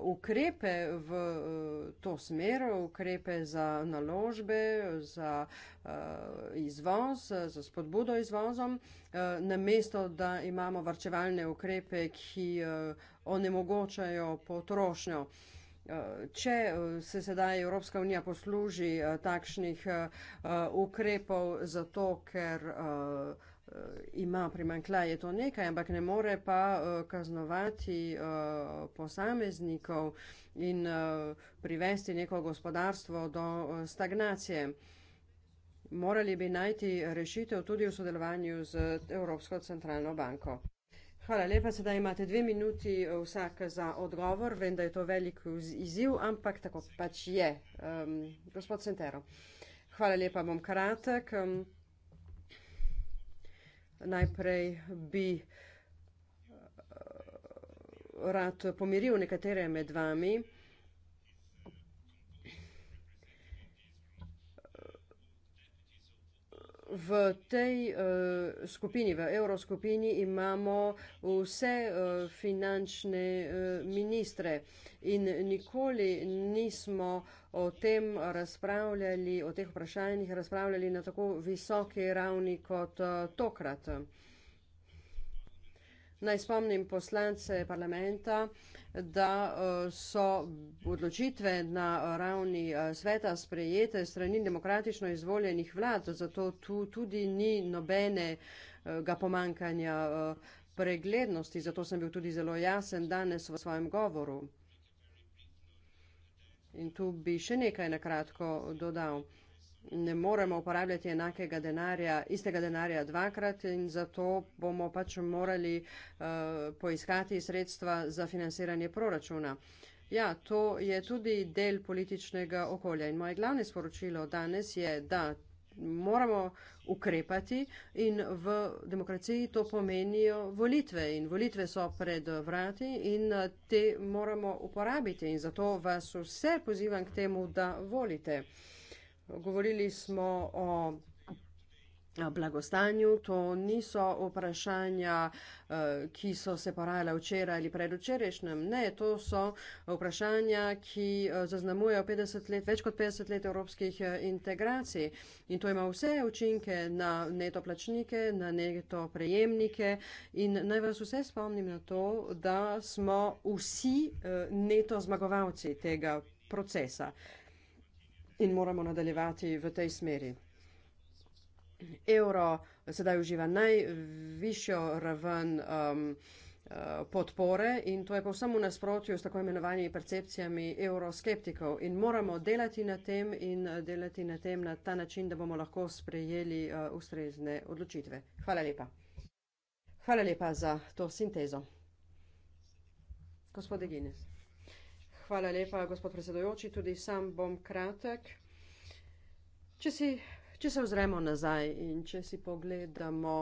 [SPEAKER 5] ukrepe v eh, to smer, ukrepe za naložbe, za izvoz, za spodbudo izvozom, namesto da imamo varčevalne ukrepe, ki onemogočajo potrošnjo. Če se sedaj Evropska unija posluži takšnih ukrepov, zato ker Eh, ima primankljaj, je to nekaj, ampak ne more pa eh, kaznovati eh, posameznikov in privesti neko gospodarstvo do stagnacije. Morali bi najti rešitev tudi v sodelovanju z Evropsko centralno banko. Hvala lepa, sedaj imate dve minuti vsak za odgovor. Vem, da je to velik izziv, ampak tako pač je. Um, gospod Centero. Hvala lepa, bom kratek. Um, najprej bi eh, rad pomiril nekatere med vami. v tej uh, skupini, v evroskupini imamo vse uh, finančne uh, ministre in nikoli nismo o tem razpravljali, o teh vprašanjih razpravljali na tako visoki ravni kot uh, tokrat. Naj spomnim poslance parlamenta, da eh, so odločitve na eh, ravni eh, sveta sprejete strani demokratično izvoljenih vlad, zato tu tudi ni nobenega pomankanja preglednosti, zato sem bil tudi zelo jasen danes v svojem govoru. In tu bi še nekaj nakratko dodal ne moremo uporabljati enakega denarja, istega denarja dvakrat in zato bomo pač morali uh, poiskati sredstva za financiranje proračuna. Ja, to je tudi del političnega okolja in moje glavne sporočilo danes je, da moramo ukrepati in v demokraciji to pomenijo volitve in volitve so pred vrati in eh, te moramo uporabiti in zato vas vse pozivam k temu, da volite. Govorili smo o blagostanju, to niso vprašanja, eh, ki so se porajala včeraj ali predvčerajšnjem. Ne, to so vprašanja, ki eh, zaznamujejo več kot 50 let evropskih eh, integracij. In to ima vse učinke na neto plačnike, na neto prejemnike. In naj vas vse spomnim na to, da smo vsi neto zmagovalci tega procesa in moramo nadaljevati v tej smeri. Evro sedaj uživa najvišjo raven um, uh, podpore in to je povsem v nasprotju s tako imenovanimi percepcijami euroskeptikov in moramo delati na tem in uh, delati na tem na ta način, da bomo lahko sprejeli uh, ustrezne odločitve. Hvala lepa. Hvala lepa za to sintezo. Gospod Deginis. Hvala lepa, gospod predsedojoči. Tudi sam bom kratek. Če, si, če se ozremo nazaj in če si pogledamo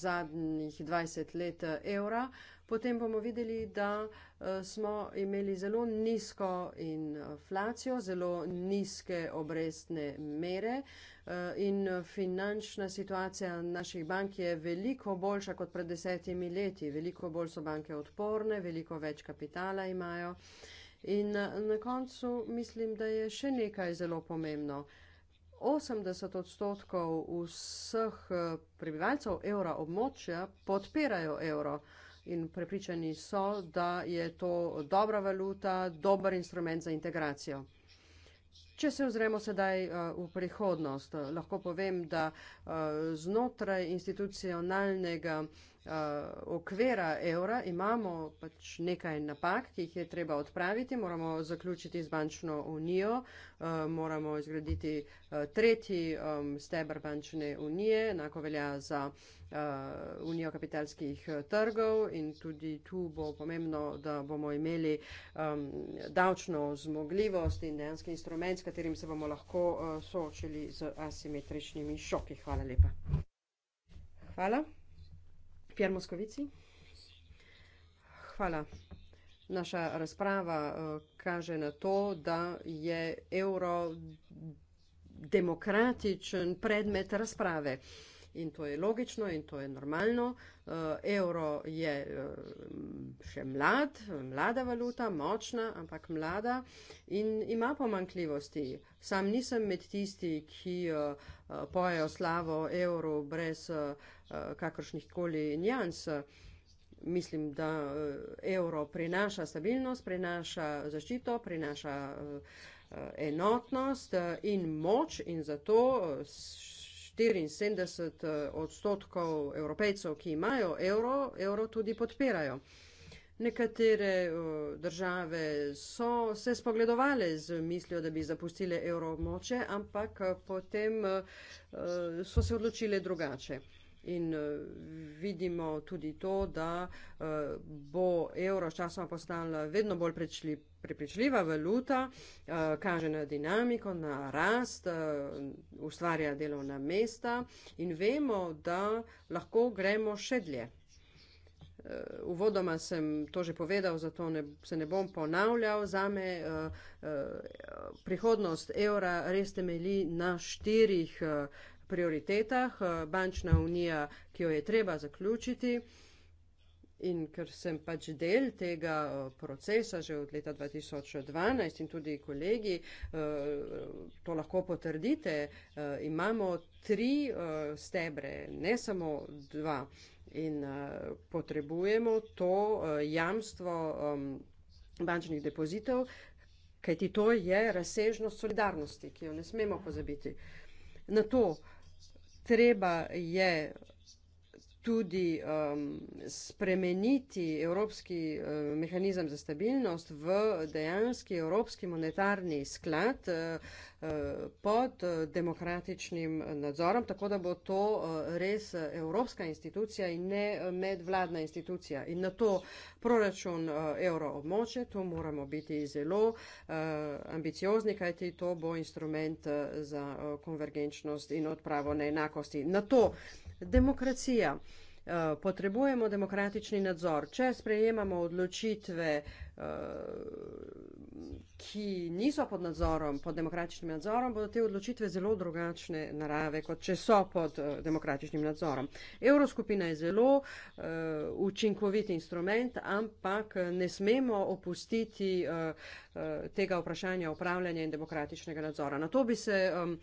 [SPEAKER 5] zadnjih 20 let eh, evra, potem bomo videli, da eh, smo imeli zelo nizko inflacijo, zelo nizke obrestne mere eh, in finančna situacija naših bank je veliko boljša kot pred desetimi leti. Veliko bolj so banke odporne, veliko več kapitala imajo. In eh, na koncu mislim, da je še nekaj zelo pomembno. 80 odstotkov vseh eh, prebivalcev evra območja podpirajo evro in prepričani so, da je to dobra valuta, dober instrument za integracijo. Če se ozremo sedaj eh, v prihodnost, lahko povem, da znotraj institucionalnega uh, okvira evra, imamo pač nekaj napak, ki jih je treba odpraviti, moramo zaključiti z bančno unijo, uh, moramo izgraditi uh, tretji um, stebr bančne unije, enako velja za uh, unijo kapitalskih trgov in tudi tu bo pomembno, da bomo imeli um, davčno zmogljivost in dejanski instrument, s katerim se bomo lahko uh, soočili z asimetričnimi šoki. Hvala lepa. Hvala. Pier Moskovici. Hvala. Naša razprava eh, kaže na to, da je evro demokratičen predmet razprave. In to je logično in to je normalno. Eh, evro je eh, še mlad, mlada valuta, močna, ampak mlada in ima pomankljivosti. Sam nisem med tisti, ki pojejo slavo evru brez Eh, kakršnih koli njans. Mislim, da eh, evro prinaša stabilnost, prinaša zaščito, prinaša eh, enotnost in moč in zato 74 odstotkov evropejcev, ki imajo evro, evro tudi podpirajo. Nekatere države so se spogledovali z mislijo, da bi zapustile evro moče, ampak potem so se odločile drugače in eh, vidimo tudi to, da eh, bo evro sčasoma postala vedno bolj prepričljiva valuta, eh, kaže na dinamiko, na rast, ustvarja delovna mesta in vemo, da lahko gremo še dlje. Uvodoma sem to že povedal, zato ne, se ne bom ponavljal. Zame uh, uh, prihodnost evra res temeli na štirih uh, prioritetah, eh, bančna unija, ki jo je treba zaključiti. In ker sem pač del tega eh, procesa že od leta 2012 in tudi kolegi eh, to lahko potrdite, imamo tri stebre, ne samo dva. In potrebujemo to jamstvo bančnih depozitev, kajti to je razsežnost solidarnosti, ki jo ne smemo pozabiti. Na to uh, treba je tudi um, spremeniti evropski uh, mehanizem za stabilnost v dejanski evropski monetarni sklad, uh, Eh, pod eh, demokratičnim nadzorom, tako da bo to eh, res evropska institucija in ne medvladna institucija. In na to proračun evroobmoče, tu moramo biti zelo ambiciozni, kajti to bo instrument za konvergenčnost in odpravo neenakosti. Na to demokracija. Potrebujemo demokratični nadzor. Če sprejemamo odločitve ki niso pod nadzorom, pod demokratičnim nadzorom, bodo te odločitve zelo drugačne narave, kot če so pod uh, demokratičnim nadzorom. Evroskupina je zelo uh, učinkovit instrument, ampak ne smemo opustiti uh, uh, tega vprašanja upravljanja in demokratičnega nadzora. Na to bi se. Um,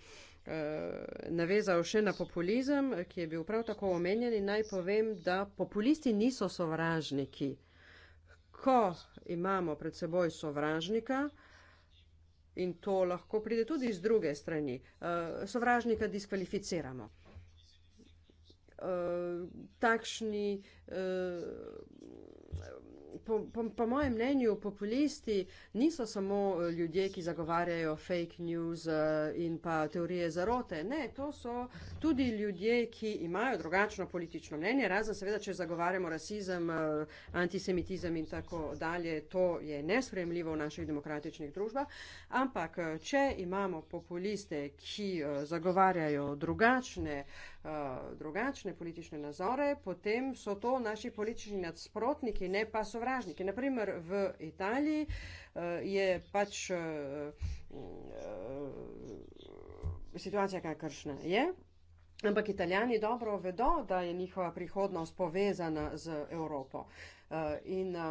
[SPEAKER 5] navezal še na populizem, ki je bil prav tako omenjen in naj povem, da populisti niso sovražniki ko imamo pred seboj sovražnika, in to lahko pride tudi iz druge strani, eh, sovražnika diskvalificiramo. Eh, takšni eh, po, po, po mojem mnenju, populisti niso samo eh, ljudje, ki zagovarjajo fake news eh, in pa teorije zarote. Ne, to so tudi ljudje, ki imajo drugačno politično mnenje, razen seveda, če zagovarjamo rasizem, eh, antisemitizem in tako dalje. To je nesprejemljivo v naših demokratičnih družbah. Ampak, če imamo populiste, ki zagovarjajo drugačne uh, Eh, drugačne politične nazore, potem so to naši politični nadsprotniki, ne pa sovražniki. Naprimer, v Italiji uh, je pač uh, uh, situacija, kakršna je. Ampak italijani dobro vedo, da je njihova prihodnost povezana z Evropo. Uh, in, uh,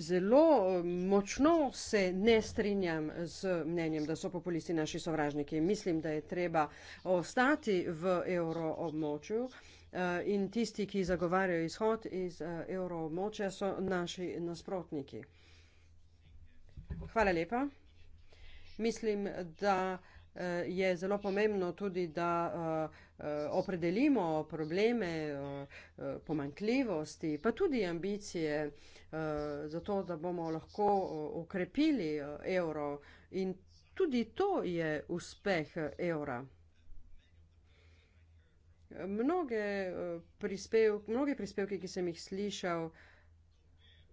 [SPEAKER 5] Zelo eh, močno se ne strinjam z mnenjem, da so populisti naši sovražniki. Mislim, da je treba ostati v evroobmočju eh, in tisti, ki zagovarjajo izhod iz eh, evroobmočja, so naši nasprotniki. Hvala lepa. Mislim, da. Eh, je zelo pomembno tudi, da eh, eh, opredelimo probleme, pomankljivosti, pa tudi ambicije, zato da bomo lahko ukrepili evro in tudi to je uspeh evra. Mnoge prispevke, mnoge prispevke, ki sem jih slišal,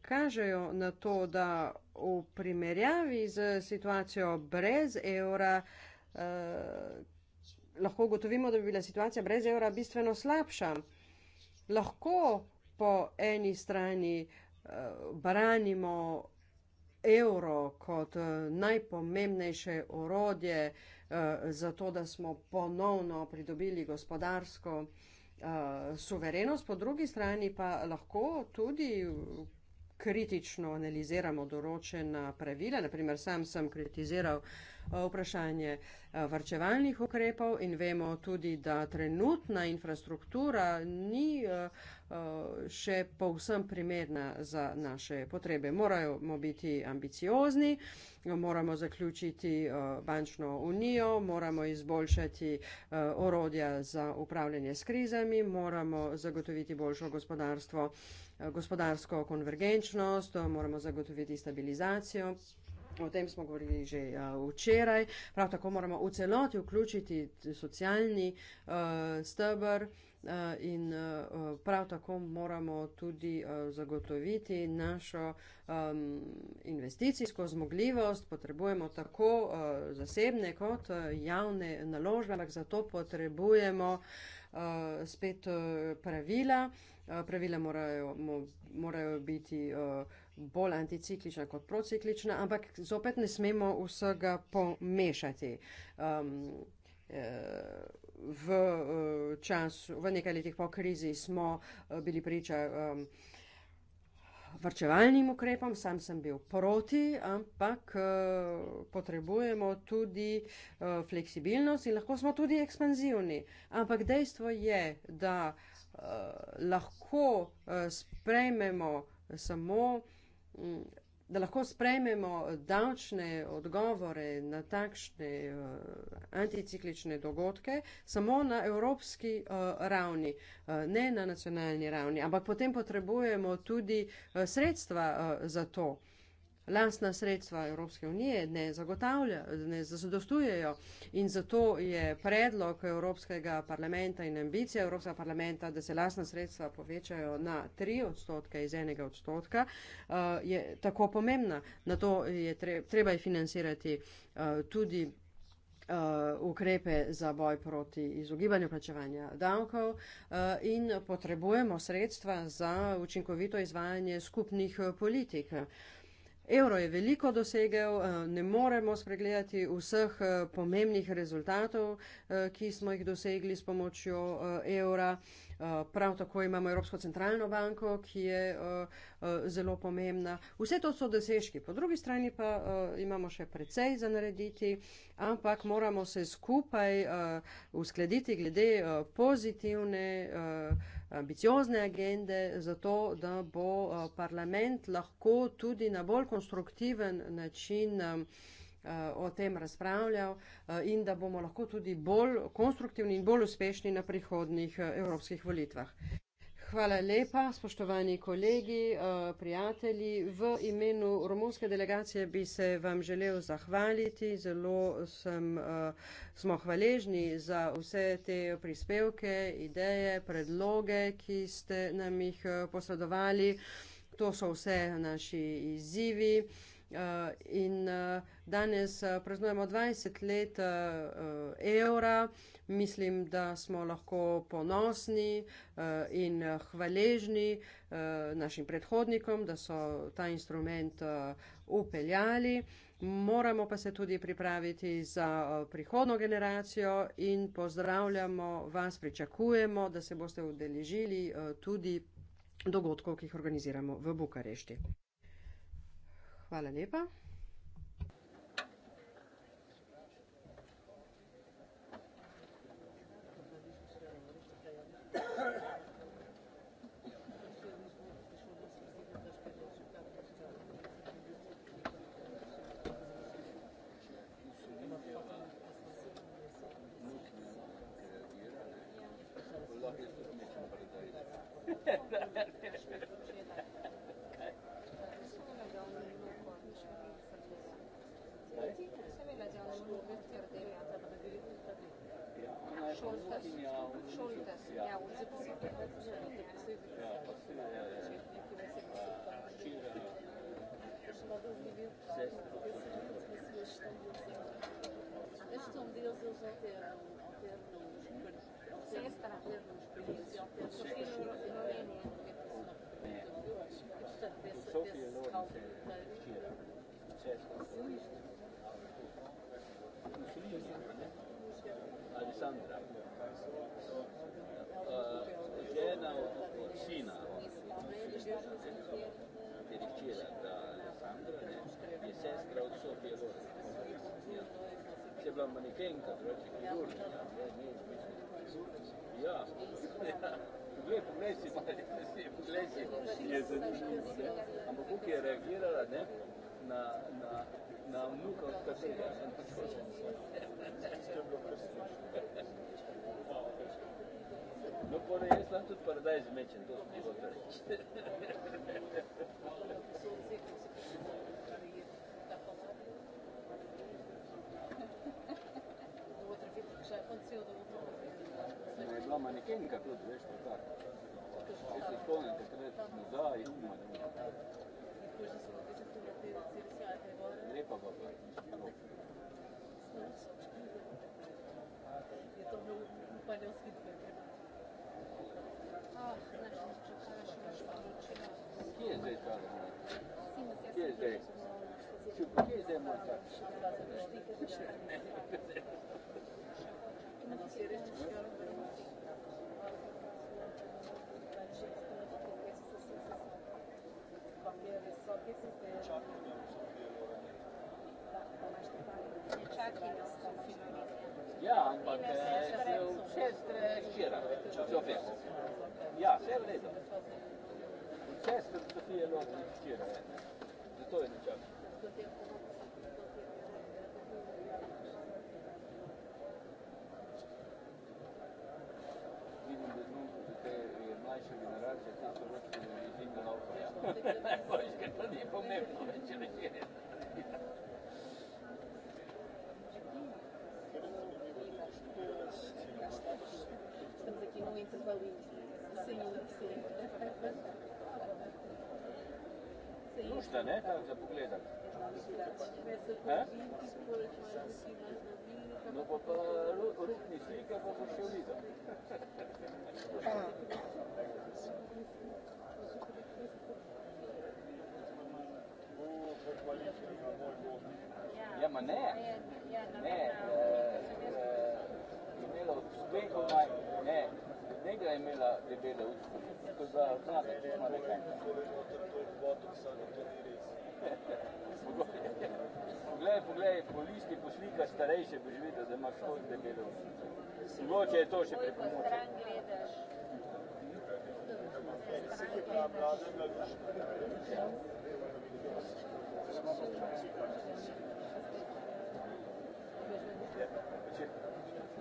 [SPEAKER 5] kažejo na to, da v primerjavi z situacijo brez evra, Eh, lahko ugotovimo, da bi bila situacija brez evra bistveno slabša. Lahko po eni strani uh, branimo evro kot uh, najpomembnejše orodje uh, za to, da smo ponovno pridobili gospodarsko uh, suverenost, po drugi strani pa lahko tudi. Uh, kritično analiziramo določena pravila. Naprimer, sam sem kritiziral eh, vprašanje eh, varčevalnih ukrepov in vemo tudi, da trenutna infrastruktura ni eh, še povsem primerna za naše potrebe. Moramo biti ambiciozni, moramo zaključiti bančno unijo, moramo izboljšati orodja za upravljanje s krizami, moramo zagotoviti boljšo gospodarstvo gospodarsko konvergenčnost, moramo zagotoviti stabilizacijo. O tem smo govorili že včeraj. Prav tako moramo v celoti vključiti socialni uh, stebr uh, in uh, prav tako moramo tudi uh, zagotoviti našo um, investicijsko zmogljivost. Potrebujemo tako uh, zasebne kot javne naložbe, ampak zato potrebujemo uh, spet uh, pravila. Uh, Eh, pravila morajo, morajo biti eh, bolj anticiklična kot prociklična, ampak zopet ne smemo vsega pomešati. Um, v, času, v nekaj letih po krizi smo bili priča um, vrčevalnim ukrepom, sam sem bil proti, ampak uh, potrebujemo tudi uh, fleksibilnost in lahko smo tudi ekspanzivni. Ampak dejstvo je, da uh, lahko eh, sprejmemo samo, mm, da lahko sprejmemo davčne odgovore na takšne eh, anticiklične dogodke samo na evropski eh, ravni, ne na nacionalni ravni. Ampak potem potrebujemo tudi sredstva za to lastna sredstva Evropske unije ne zagotavlja, ne zadostujejo in zato je predlog Evropskega parlamenta in ambicija Evropskega parlamenta, da se lastna sredstva povečajo na tri odstotke iz enega odstotka, uh, je tako pomembna. Na to je treba financirati uh, tudi uh, ukrepe za boj proti izogibanju plačevanja davkov in potrebujemo sredstva za učinkovito izvajanje skupnih politik. Evro je veliko dosegel, eh, ne moremo spregledati vseh eh, pomembnih rezultatov, eh, ki smo jih dosegli s pomočjo evra. Prav tako imamo Evropsko centralno banko, ki je zelo pomembna. Vse to so dosežki. Po drugi strani pa imamo še precej za narediti, ampak moramo se skupaj uskladiti glede pozitivne ambiciozne agende, zato da bo eh, parlament lahko tudi na bolj konstruktiven način eh, o tem razpravljal eh, in da bomo lahko tudi bolj konstruktivni in bolj uspešni na prihodnih evropskih volitvah. Hvala lepa, spoštovani kolegi, eh, prijatelji. V imenu romunske delegacije bi se vam želel zahvaliti. Zelo sem, eh, smo hvaležni za vse te prispevke, ideje, predloge, ki ste nam jih eh, posredovali. To so vse naši izzivi. Eh, in eh, danes eh, praznujemo 20 let evra. Mislim, da smo lahko ponosni in hvaležni našim predhodnikom, da so ta instrument upeljali. Moramo pa se tudi pripraviti za prihodno generacijo in pozdravljamo vas, pričakujemo, da se boste udeležili tudi dogodkov, ki jih organiziramo v Bukarešti. Hvala lepa.
[SPEAKER 4] nazaj. Gre pa pa Kje je zdaj ta rama? Kje je zdaj? Čupa, kje je zdaj moj ta? Ne,
[SPEAKER 1] ne, ne. Ne, ne, ne.
[SPEAKER 4] Ja, ampak eh, se je vzel šest včeraj, če vzel pet. Ja, vse v redu. Šest v Sofije Lorenz včeraj, zato je nečakal. Nužda, ne, tam za pogledat. No, pa pa rutni slike, pa bo še videl. Ja, ma ne, ne, imelo spekov naj, ne, Negra je imela debele usta, tako da znate, če ima nekaj. To je botoks, ali to ni res. Poglej, poglej, po listi poslika starejše boš videl, da imaš tako debele usta. Mogoče je to še pri pomoči. Koliko stran gledaš? Thank you.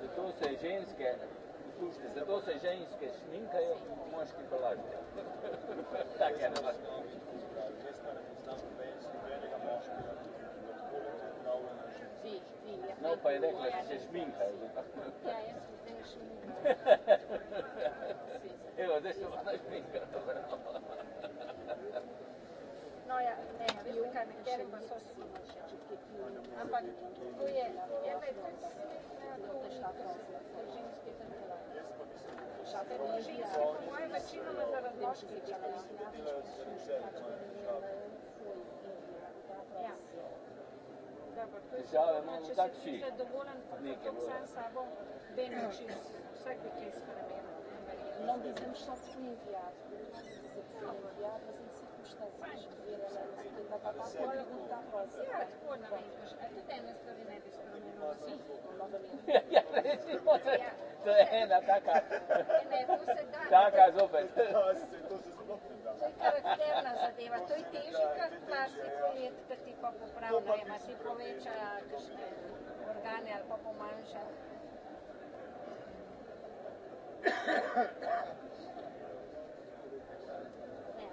[SPEAKER 4] Zato se ženske, slušte, zato se ženske šminkajo, moški pa lažijo. Tako je na vas.
[SPEAKER 2] No, pa je rekla, da se
[SPEAKER 1] šminkajo. Ja, jaz sem
[SPEAKER 2] zdaj šminkala.
[SPEAKER 4] Evo, zdaj se vana šminkala. No ja, ne, ne, veste kaj, nekateri pa so si pomočili. Ampak, to je, je pa je to,
[SPEAKER 1] ko si nekako ženski zanjela. Šater ni žija. Po moje večino me za razloški čakala.
[SPEAKER 4] Ja. Izjave no, no, imamo tak si. Če si zadovoljen, potem sam sabo, ben oči vsak, ki je
[SPEAKER 1] spremenil. No, bi zem šla v Indijat. Ja, pa sem različne vire rasti, da pa tako lahko ta posel. Ja, tako na meniš.
[SPEAKER 2] A tudi ene stvari ne
[SPEAKER 1] bi spremenilo. Ja, recimo, to, to je ena taka. Ne, ne, to se da. Taka, zopet. To je karakterna zadeva. To je težje, kot pa si polet, da ti
[SPEAKER 5] pa popravno ima. Ti poveča kakšne
[SPEAKER 3] organe ali pa pomanjša.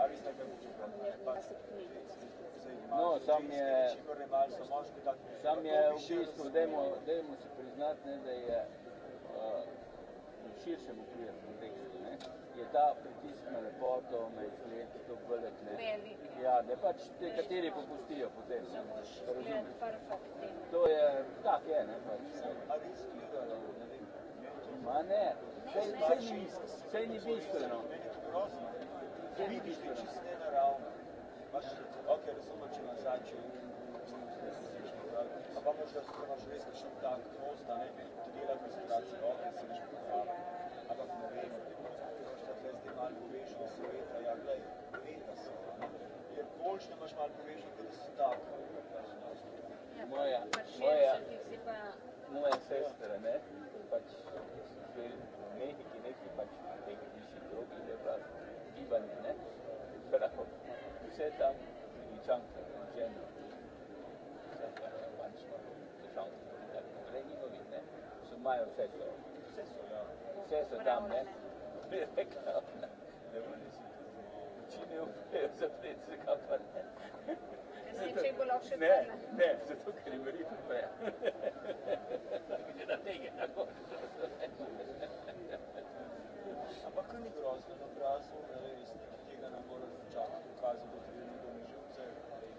[SPEAKER 1] No,
[SPEAKER 4] sam je, sam je v bistvu, dajmo, dajmo se priznati, ne, da je uh, v širšem okviru kontekstu, ne, je ta pritisk na lepoto, na izgled, to velik, ne. Ja, da pač te kateri popustijo potem, ne, razumeš. To je, tak je, ne, pač. Ma ne, vse ni, vse ni bistveno. Prosim, to vidiš, da je
[SPEAKER 1] čisto nenaravno. Imaš, ok, razumem, če imaš začel, pa pa možda se imaš res kakšen tak post, ne, to dela koncentracijo, ok, se viš pohvala. Ampak ne vem, da tle zdaj malo povežno se veta, ja, glej, veta se, ne. Je boljš, da imaš malo povežno, kot da se tako. Moja, moja,
[SPEAKER 4] moja sestra, ne, pač, v Mehiki, nekaj pač, nekaj, gibanje, ne? Prav. Vse tam priničanke, ženo, vse tam vančno, državno, torej njihovi, ne? So imajo vse to, vse so, jo. vse so tam, ne? Rekla, ne bodi si to. Oči ne upejo zapreti se kapa, ne? Zdaj, če bo lahko še ne, ne, zato ker je veliko prej. Gdje da tega, tako?
[SPEAKER 1] ampak ni grozno na obrazu, res tega ne mora
[SPEAKER 4] začati pokazati, da je nekdo mi živce,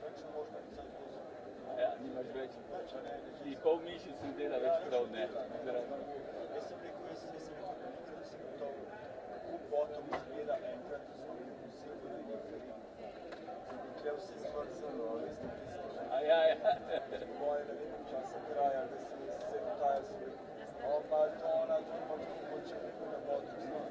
[SPEAKER 4] več možno, da sem to zelo. Ja, nimaš več, več ne. Ti pol mišic sem dela več prav ne. Jaz
[SPEAKER 1] sem rekel, jaz sem rekel, da nikaj da si gotov, kako potom izgleda enkrat, da smo bili vsi v referiji. Zagotlja vse zvrt zelo, res ne tisto. A ja, ja. Moje ne vedno časa traja, da se vse vtaja, sem rekel, o, pa je to ona, to je pa to, ko če rekel, ne bo to znači. No.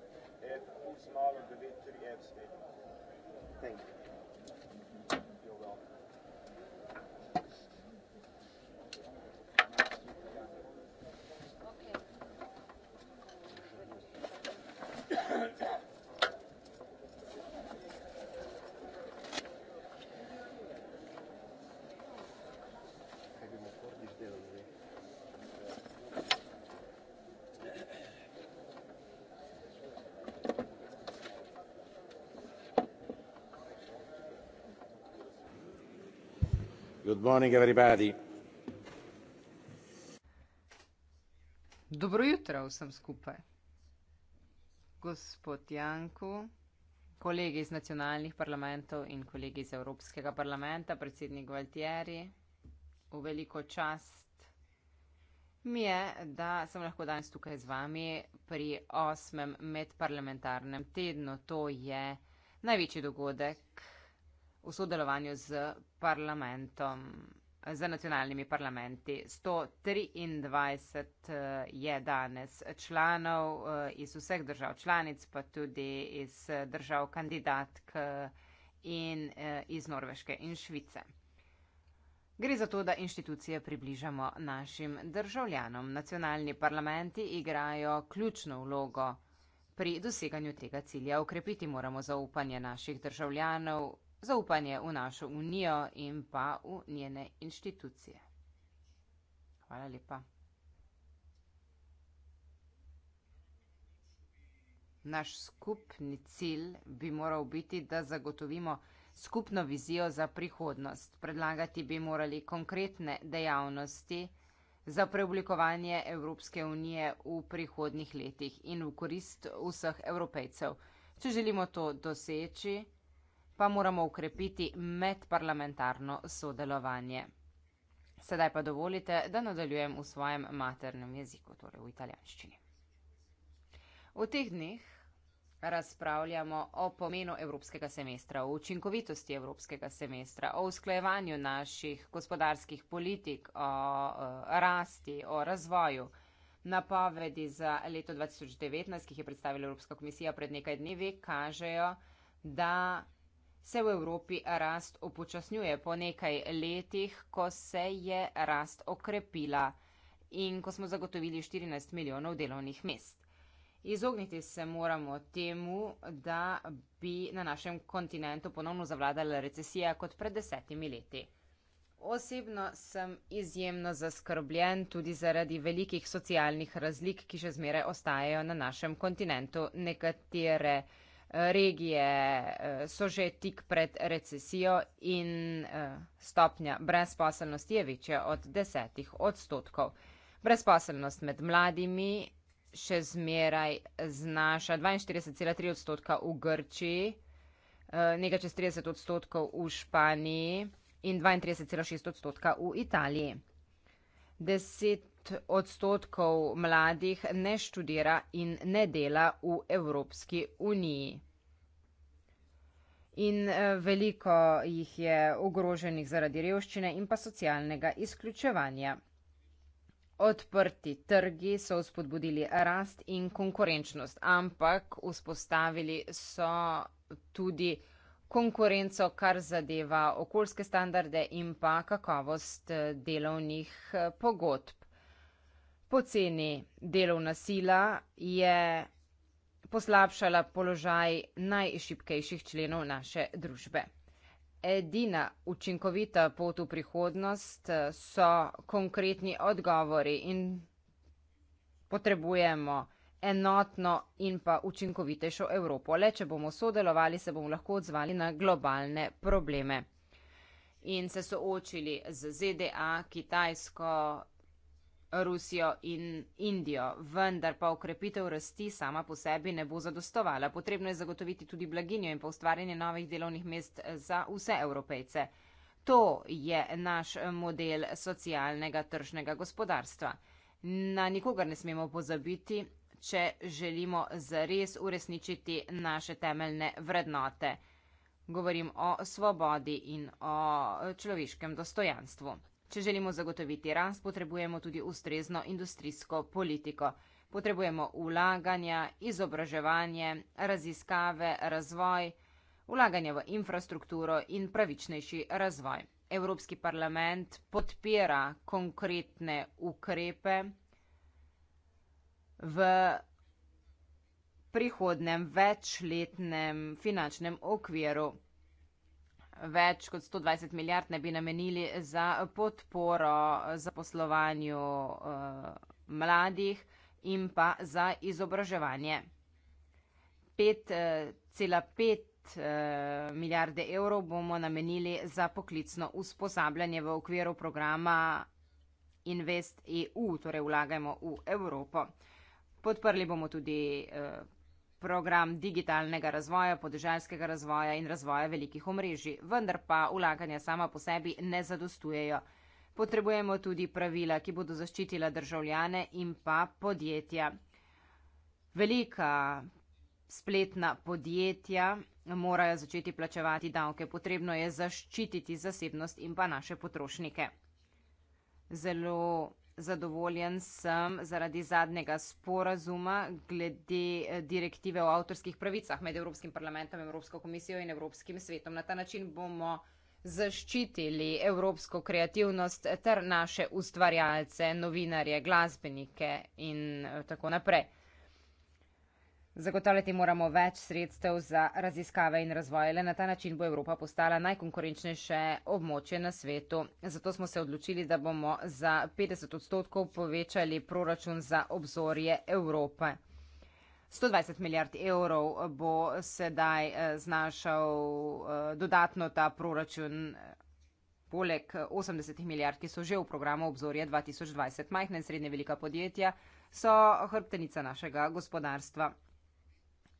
[SPEAKER 1] if smaller than 3F speed. Thank you. You're welcome.
[SPEAKER 2] Good morning,
[SPEAKER 3] everybody.
[SPEAKER 2] Dobro jutro vsem skupaj. Gospod Janku, kolegi iz nacionalnih parlamentov in kolegi iz Evropskega parlamenta, predsednik Gualtieri, v veliko čast mi je, da sem lahko danes tukaj z vami pri osmem medparlamentarnem tednu. To je največji dogodek v sodelovanju z parlamentom, z nacionalnimi parlamenti. 123 eh, je danes članov eh, iz vseh držav članic, pa tudi iz eh, držav kandidatk in iz Norveške in Švice. Gre za to, da inštitucije približamo našim državljanom. Nacionalni parlamenti igrajo ključno vlogo pri doseganju tega cilja. Okrepiti moramo zaupanje naših državljanov zaupanje v našo unijo in pa v njene inštitucije. Hvala lepa. Naš skupni cilj bi moral biti, da zagotovimo skupno vizijo za prihodnost. Predlagati bi morali konkretne dejavnosti za preoblikovanje Evropske unije v prihodnih letih in v korist vseh evropejcev. Če želimo to doseči, pa moramo ukrepiti medparlamentarno sodelovanje. Sedaj pa dovolite, da nadaljujem v svojem maternem jeziku, torej v italijanščini. V teh dneh razpravljamo o pomenu evropskega semestra, o učinkovitosti evropskega semestra, o usklajevanju naših gospodarskih politik, o e, rasti, o razvoju. Napovedi za leto 2019, ki jih je predstavila Evropska komisija pred nekaj dnevi, kažejo, da se v Evropi rast upočasnjuje po nekaj letih, ko se je rast okrepila in ko smo zagotovili 14 milijonov delovnih mest. Izogniti se moramo temu, da bi na našem kontinentu ponovno zavladala recesija kot pred desetimi leti. Osebno sem izjemno zaskrbljen tudi zaradi velikih socialnih razlik, ki še zmeraj ostajajo na našem kontinentu. Nekatere regije eh, so že tik pred recesijo in eh, stopnja brezposelnosti je večja od desetih odstotkov. Brezposelnost med mladimi še zmeraj znaša 42,3 odstotka v Grčiji, eh, nekaj čez 30 odstotkov v Španiji in 32,6 odstotka v Italiji. Deset odstotkov mladih ne študira in ne dela v Evropski uniji. In eh, veliko jih je ogroženih zaradi revščine in pa socialnega izključevanja. Odprti trgi so spodbudili rast in konkurenčnost, ampak vzpostavili so tudi konkurenco, kar zadeva okoljske standarde in pa kakovost eh, delovnih eh, pogodb. Poceni delovna sila je poslabšala položaj najšipkejših členov naše družbe. Edina učinkovita pot v prihodnost eh, so konkretni odgovori in potrebujemo enotno in pa učinkovitejšo Evropo. Le, če bomo sodelovali, se bomo lahko odzvali na globalne probleme in se soočili z ZDA, Kitajsko, Rusijo in Indijo, vendar pa ukrepitev rasti sama po sebi ne bo zadostovala. Potrebno je zagotoviti tudi blaginjo in pa ustvarjanje novih delovnih mest za vse evropejce. To je naš model socialnega tržnega gospodarstva. Na nikogar ne smemo pozabiti, če želimo zares uresničiti naše temeljne vrednote. Govorim o svobodi in o človeškem dostojanstvu. Če želimo zagotoviti rast, potrebujemo tudi ustrezno industrijsko politiko. Potrebujemo vlaganja, izobraževanje, raziskave, razvoj, vlaganje v infrastrukturo in pravičnejši razvoj. Evropski parlament podpira konkretne ukrepe v prihodnem večletnem finančnem okviru več kot 120 milijard ne bi namenili za podporo zaposlovanju uh, mladih in pa za izobraževanje. 5,5 eh, eh, milijarde evrov bomo namenili za poklicno usposabljanje v okviru programa Invest EU, torej vlagajmo v Evropo. Podprli bomo tudi uh, program digitalnega razvoja, podeželskega razvoja in razvoja velikih omrežij, vendar pa vlaganja sama po sebi ne zadostujejo. Potrebujemo tudi pravila, ki bodo zaščitila državljane in pa podjetja. Velika spletna podjetja morajo začeti plačevati davke, potrebno je zaščititi zasebnost in pa naše potrošnike. Zelo zadovoljen sem zaradi zadnjega sporazuma glede eh, direktive o avtorskih pravicah med Evropskim parlamentom, Evropsko komisijo in Evropskim svetom. Na ta način bomo zaščitili evropsko kreativnost ter naše ustvarjalce, novinarje, glasbenike in eh, tako naprej. Zagotavljati moramo več sredstev za raziskave in razvoj, le na ta način bo Evropa postala najkonkurenčnejše območje na svetu. Zato smo se odločili, da bomo za 50 odstotkov povečali proračun za obzorje Evrope. 120 milijard evrov bo sedaj eh, znašal eh, dodatno ta proračun. Poleg 80 milijard, ki so že v programu obzorja 2020, majhne in srednje velika podjetja so hrbtenica našega gospodarstva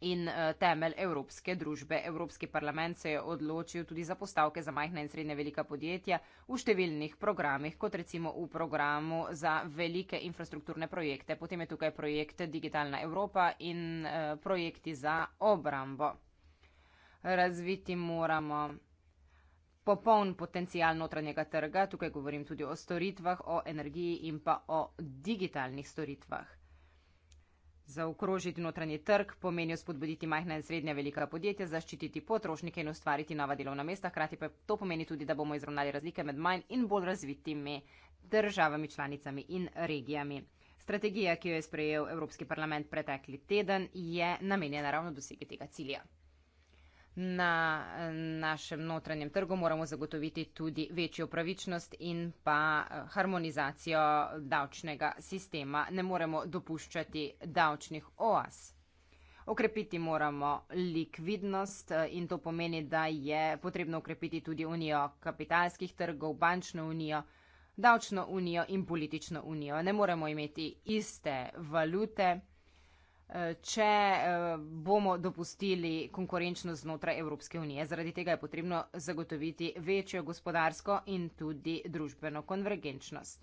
[SPEAKER 2] in eh, temelj evropske družbe. Evropski parlament se je odločil tudi za postavke za majhna in srednje velika podjetja v številnih programih, kot recimo v programu za velike infrastrukturne projekte. Potem je tukaj projekt Digitalna Evropa in eh, projekti za obrambo. Razviti moramo. Popoln potencijal notranjega trga, tukaj govorim tudi o storitvah, o energiji in pa o digitalnih storitvah. Zaokrožiti notranji trg pomeni spodbuditi majhna in srednja velika podjetja, zaščititi potrošnike in ustvariti nova delovna mesta, hkrati pa to pomeni tudi, da bomo izravnali razlike med manj in bolj razvitimi državami, članicami in regijami. Strategija, ki jo je sprejel Evropski parlament pretekli teden, je namenjena ravno dosegi tega cilja na eh, našem notranjem trgu moramo zagotoviti tudi večjo pravičnost in pa eh, harmonizacijo davčnega sistema. Ne moremo dopuščati davčnih oas. Okrepiti moramo likvidnost eh, in to pomeni, da je potrebno okrepiti tudi unijo kapitalskih trgov, bančno unijo, davčno unijo in politično unijo. Ne moremo imeti iste valute če eh, bomo dopustili konkurenčnost znotraj Evropske unije. Zaradi tega je potrebno zagotoviti večjo gospodarsko in tudi družbeno konvergenčnost.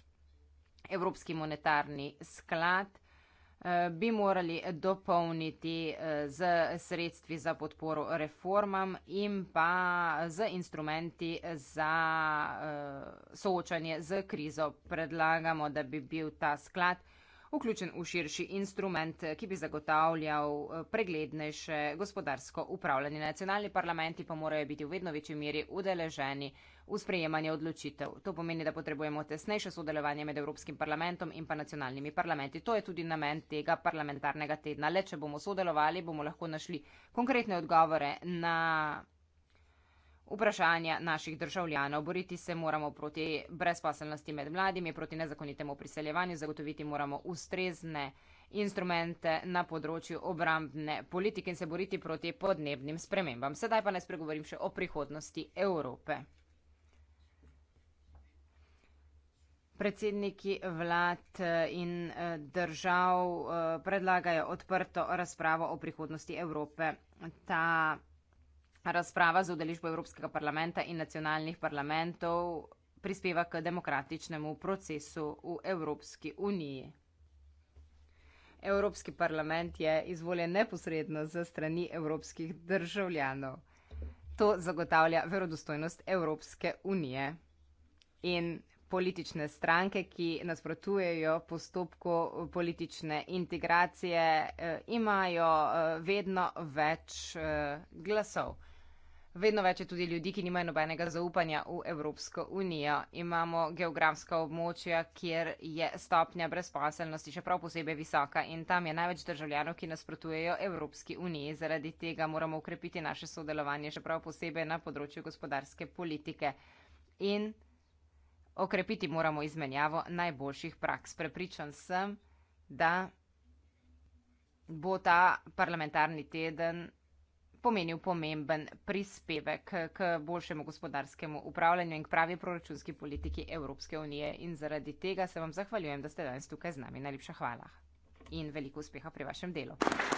[SPEAKER 2] Evropski monetarni sklad eh, bi morali dopolniti eh, z sredstvi za podporo reformam in pa z instrumenti za soočanje z krizo. Predlagamo, da bi bil ta sklad vključen v širši instrument, ki bi zagotavljal eh, preglednejše gospodarsko upravljanje. Nacionalni parlamenti pa morajo biti v vedno večji meri udeleženi v sprejemanje odločitev. To pomeni, da potrebujemo tesnejše sodelovanje med Evropskim parlamentom in pa nacionalnimi parlamenti. To je tudi namen tega parlamentarnega tedna. Le če bomo sodelovali, bomo lahko našli konkretne odgovore na vprašanja naših državljanov. Boriti se moramo proti brezposelnosti med mladimi, proti nezakonitemu priseljevanju, zagotoviti moramo ustrezne instrumente na področju obrambne politike in se boriti proti podnebnim spremembam. Sedaj pa naj spregovorim še o prihodnosti Evrope. Predsedniki vlad eh, in eh, držav eh, predlagajo odprto razpravo o prihodnosti Evrope. Ta razprava z udeležbo Evropskega parlamenta in nacionalnih parlamentov prispeva k demokratičnemu procesu v Evropski uniji. Evropski parlament je izvoljen neposredno za strani evropskih državljanov. To zagotavlja verodostojnost Evropske unije in politične stranke, ki nasprotujejo postopku politične integracije, eh, imajo eh, vedno več eh, glasov. Vedno več je tudi ljudi, ki nimajo nobenega zaupanja v Evropsko unijo. Imamo geografska območja, kjer je stopnja brezposelnosti še prav posebej visoka in tam je največ državljanov, ki nasprotujejo Evropski uniji. Zaradi tega moramo ukrepiti naše sodelovanje še prav posebej na področju gospodarske politike. In okrepiti moramo izmenjavo najboljših praks. Prepričan sem, da bo ta parlamentarni teden pomenil pomemben prispevek k boljšemu gospodarskemu upravljanju in k pravi proračunski politiki Evropske unije. In zaradi tega se vam zahvaljujem, da ste danes tukaj z nami. Najlepša hvala in veliko uspeha pri vašem delu.